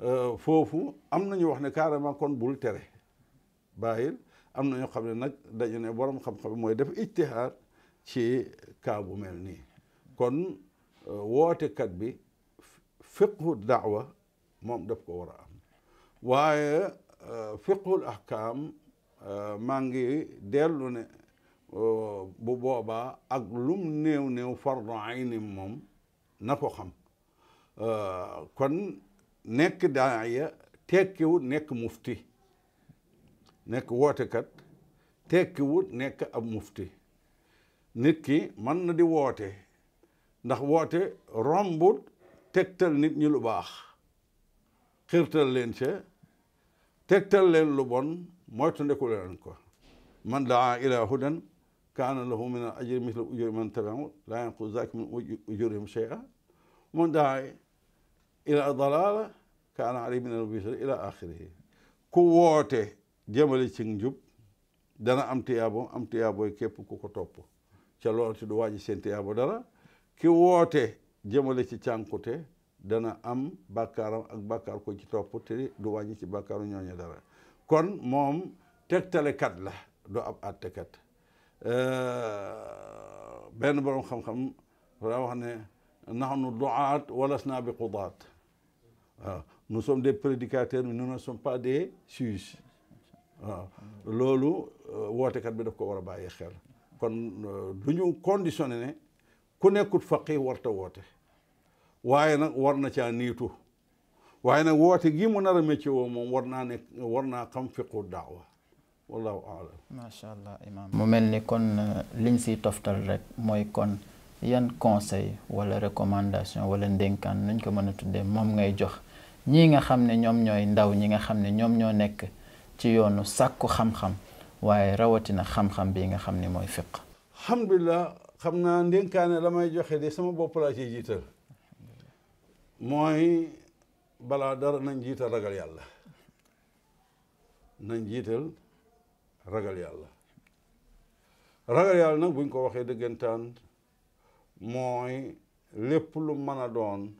euh, foofu am nañu ñu wax ne carrément kon bul tere bàyyil am nañu xam ne nag dañu ne borom xam-xam mooy def ijtihaad ci kaa bu mel nii kon euh, wootekat bi fiqhu daawa moom daf ko war a am waaye euh, fiqhul ahkaam maa ngi dellu ne bu booba ak lum néew néew fardu ayni moom na ko xam Euh, kon nekk daaya tekkiwut nekk mufti nekk wootekat tekkiwut nekk ab mufti nit ki mën na di woote ndax woote rombut tegtal nit ñi lu baax xirtal leen ca tegtal leen lu bon moytu ndeku leen ko man daa ilaa hudan kaana lahu min al ajri mithlu ujuri man tabi'ahu laa yanqus zaaka min ujurihim shay'an man daa ila dalaala kaana alay min alwisr ila axirihi ku woote jëmale ci njub dana am tiyaabo am tiyaabooy képp ku ko topp ca loolu te du wàññi seen tiyaabo dara ki woote jëmale ci cànkute dana am bàkkaaram ak bàkkaar ko ci topp te du wàññi ci bàkkaaru ñooñu dara kon moom tegtalekat la du ab àttekat benn boroom xam-xam daa ne nahnu duaat walasna bi qudaat waaw ah, nous sommes des prédicateurs mais nous ne sommes pas des juges waaw ah, loolu euh, wootekat bi daf ko war a bàyyi xel kon euh, du ñu conditionné ne ku nekkut faqi warta woote waaye nag war na caa niitu waaye nag woote gi mu nar a métier woo moom war naa nekk war naa xam fiqu daawa wallahu aalam macha allah imam mu mel ni kon euh, liñ si toftal rek mooy kon yan conseil wala recommandation wala ndénkaan nañ ko mën a tuddee moom ngay jox ñii nga xam ne ñoom ñooy ndaw ñi nga xam ne ñoom ñoo nekk ci yoonu sàkku xam-xam waaye rawatina xam-xam bi nga xam ne mooy fiq alhamdulilah xam naa ndénkaane la may joxe de sama bopp laa jiital mooy balaa dara nañ jiital ragal yàlla nañ jiital ragal yàlla ragal yàlla nag buñ ko waxee dëggantaan mooy lépp lu mën a doon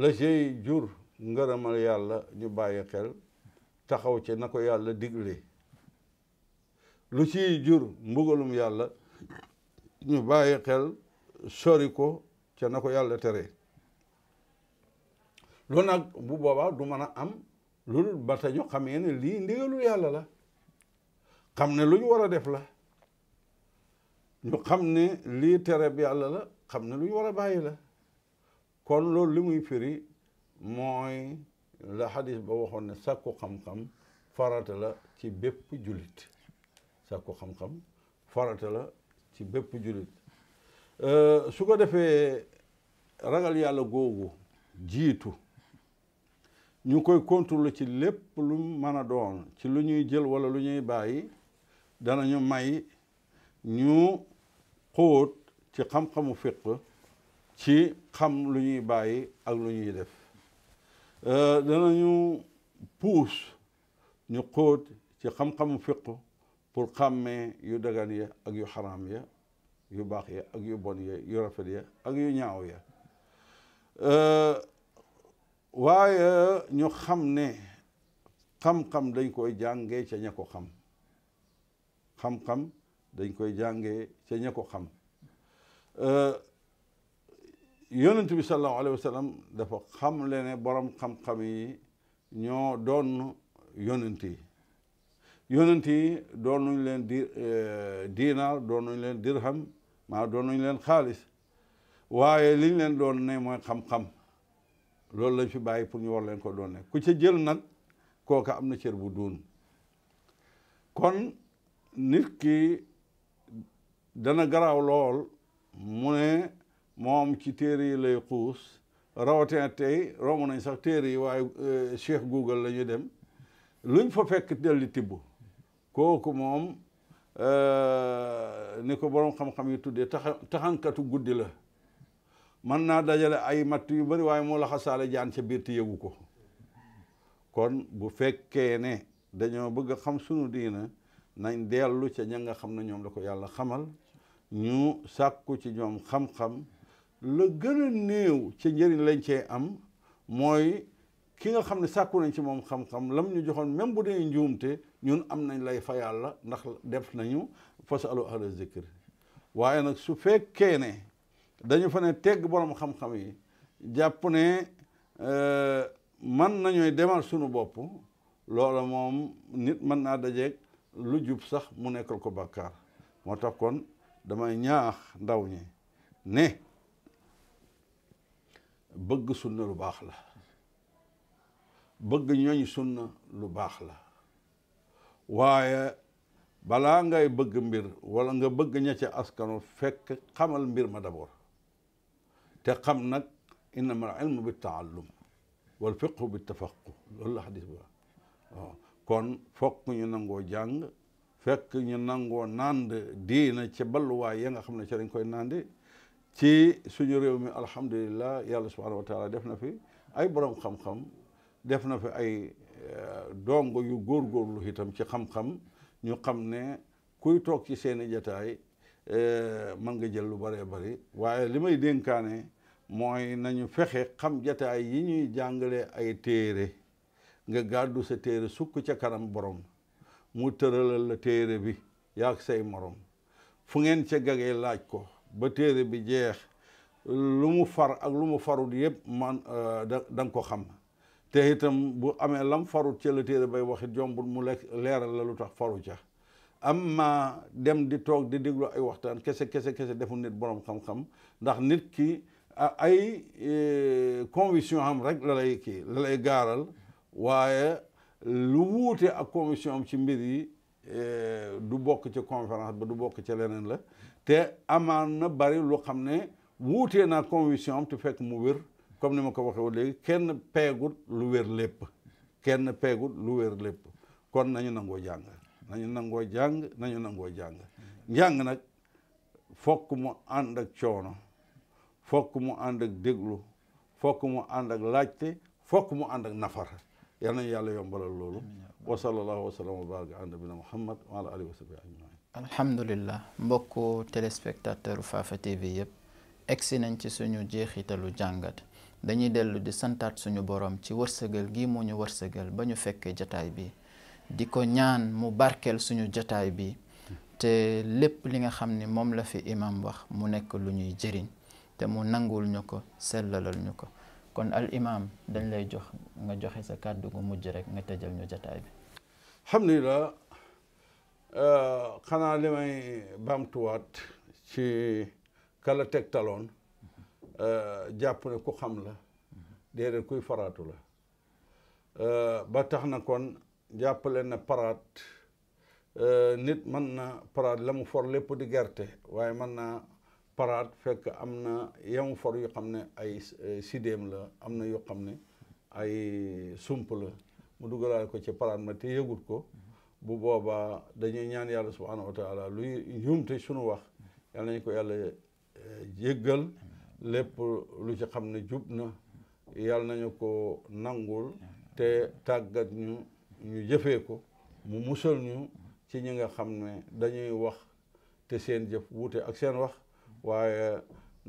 la jey jur ngërëmal yàlla ñu bàyyi xel taxaw ci na ko yàlla digle lu ciy jur mbugalum yàlla ñu bàyyi xel sori ko ca na ko yàlla tere lu nag bu boobaa du mën a am lul ba te ñu xamee ne lii ndigalul yàlla la xam ne lu ñu war a def la ñu xam ne lii tere bi yàlla la xam ne lu ñu war a bàyyi la kon loolu li muy firi mooy la xadis ba waxoon ne sàkku xam-xam farata la ci bépp jullit sàkku xam-xam farata la ci bépp jullit euh, su ko defee ragal yàlla googu jiitu ñu koy contrôler ci lépp lu mën a doon ci lu ñuy jël wala lu ñuy bàyyi danañu may ñu xóot ci xam-xamu fiq ci xam lu ñuy bàyyi ak lu ñuy def euh, danañu puus ñu xóot ci xam-xamu fiq pour xàmmee yu dagan ya ak yu xaraam ya yu baax ya ak yu bon ya yu rafet ya ak yu ñaaw ya euh, waaye ñu xam ne xam-xam dañ koy jàngee ca ña ko xam xam-xam dañ koy jàngee ca ña ko xam euh, yonent bi sallallahu alayhi wa sallam dafa xam le ne borom xam-xam yi ñoo doon yonent yi yonent yi doonuñ leen di eh, doon doonuñ leen dirham doon doonuñ leen xaalis waaye liñ leen doon ne mooy xam-xam loolu lañ fi bàyyi pour ñu war leen ko doon ne ku ca jël nag kooka am na cër bu duun kon nit ki dana garaaw lool mu ne moom ci téere yi lay xuus rawatina tey romb nañ sax téere yi waaye euh, Cheikh Google la ñuy dem luñ fa fekk delli tibb kooku moom euh, ni ko boroom xam-xam yi tuddee taxa taxankatu guddi la mën naa dajale ay matt yu bari waaye moo laxasaale jaan ca biir ti yëgu ko kon bu fekkee ne dañoo bëgg a xam sunu diina nañ dellu ca ña nga xam ne ñoom la ko yàlla xamal ñu sàkku ci ñoom xam-xam la gën a néew ca njëriñ lañ cee am mooy ki nga xam ne sàkku nañ ci moom xam-xam lam ñu joxoon même bu dee njuumte ñun am nañ lay fa yàlla ndax def nañu fasalu ahla zikr waaye nag su fekkee ne dañu fa ne tegg borom xam-xam yi jàpp ne euh, man nañooy demal sunu bopp loola moom nit mën naa dajeeg lu jub sax mu nekkal ko bàkkaar moo tax kon damay ñaax ndaw ñi ne bëgg sunna lu baax la bëgg ñoñ sunna lu baax la waaye balaa ngay bëgg mbir wala nga bëgg ña ca askanu fekk xamal mbir ma d'abord te xam nag innama al ilmu bi taallum wal fiqhu bi tafaqu kon fokk ñu nangoo jàng fekk ñu nangoo nand diina ce balluwaay ya nga xam ne ca dañ koy nandi ci suñu réew mi alhamdulilah yàlla subhanahu wa taala def na fi ay borom xam-xam def na fi ay eh, dongo yu góor góorgóorlu itam ci xam-xam ñu xam ne kuy toog ci seeni jataay eh, man nga jël lu bëree bari waaye li may dénkaane mooy nañu fexe xam jataay yi ñuy jàngale ay téere nga gàddu sa téere sukk ca kanam borom mu tëralal la téere bi yaag say morom fu ngeen ca gagee laaj ko ba téere bi jeex lu mu far ak lu mu farut yëpp man euh, da nga ko xam te itam bu amee lam farut ca la téere bay waxit jombul mu lekk leeral la lu tax faru ca amma dem di toog di déglu ay waxtaan kese kese kese defu nit borom xam-xam ndax nit ki ay euh, conviction am rek la lay kii la lay gaaral waaye lu wuute ak conviction am ci mbir yi Euh, du bokk ci conférence ba du bokk ci leneen la te amaan na bari lu xam ne wuutee naa conviction am te fekk mu wér comme ni ma ko waxee woon léegi kenn peegut lu wér lépp kenn peegut lu wér lépp kon nañu nangoo jàng nañu nangoo jàng nañu nangoo jàng njàng nag fokk mu ànd ak coono fokk mu ànd ak déglu fokk mu ànd ak laajte fokk mu ànd ak nafar yal nañu yàlla yombalal loolu wa sallallahu wa sallam wa baraka ala nabina muhammad wa ala alihi wa sahbihi ajmain alhamdulillah mbokku téléspectateur Fafa TV yëpp egsi nañ ci suñu jeexitalu jàngat dañuy dellu di santaat suñu borom ci wërsëgal gi moo ñu wërsëgal ba ñu fekkee jataay bi di ko ñaan mu barkeel suñu jataay bi te lépp li nga xam ni moom la fi imam wax mu nekk lu ñuy jëriñ te mu nangul ñu ko sellalal ñu ko kon al imaam dañ lay jox nga joxe sa kàddu gu mujj rek nga tëjal ñu jataay bi alhamdulilah euh, xanaa li may baamtuwaat ci kala tegtaloon euh, jàpp ne ku xam la déedéet kuy faraatu la euh, ba tax na kon jàppale na paraat nit mën na paraat la mu for lépp di gerte waaye mën naa paraat fekk am na yemu for yu xam ne ay siddéem la am na yoo xam ne ay sump la mu dugalaale ko ci paraat ma te yëgut ko bu boobaa dañuy ñaan yàlla subhaanahu wa taala luy njuumte sunu wax yàlla nañu ko yàlla eh, jéggal lépp lu ci xam ne jub na yàlla nañu ko nangul te tàggat ñu ñu jëfee ko mu musal ñu ci ñi nga xam ne dañuy wax te seen jëf wuute ak seen wax waaye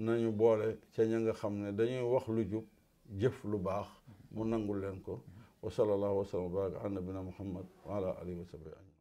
nañu boole ca ña nga xam ne dañuy wax lu jub jëf lu baax mu nangul leen ko wa sallallahu wa sallam wa baraka an nabina muhammad wa ala alihi wa sahbihi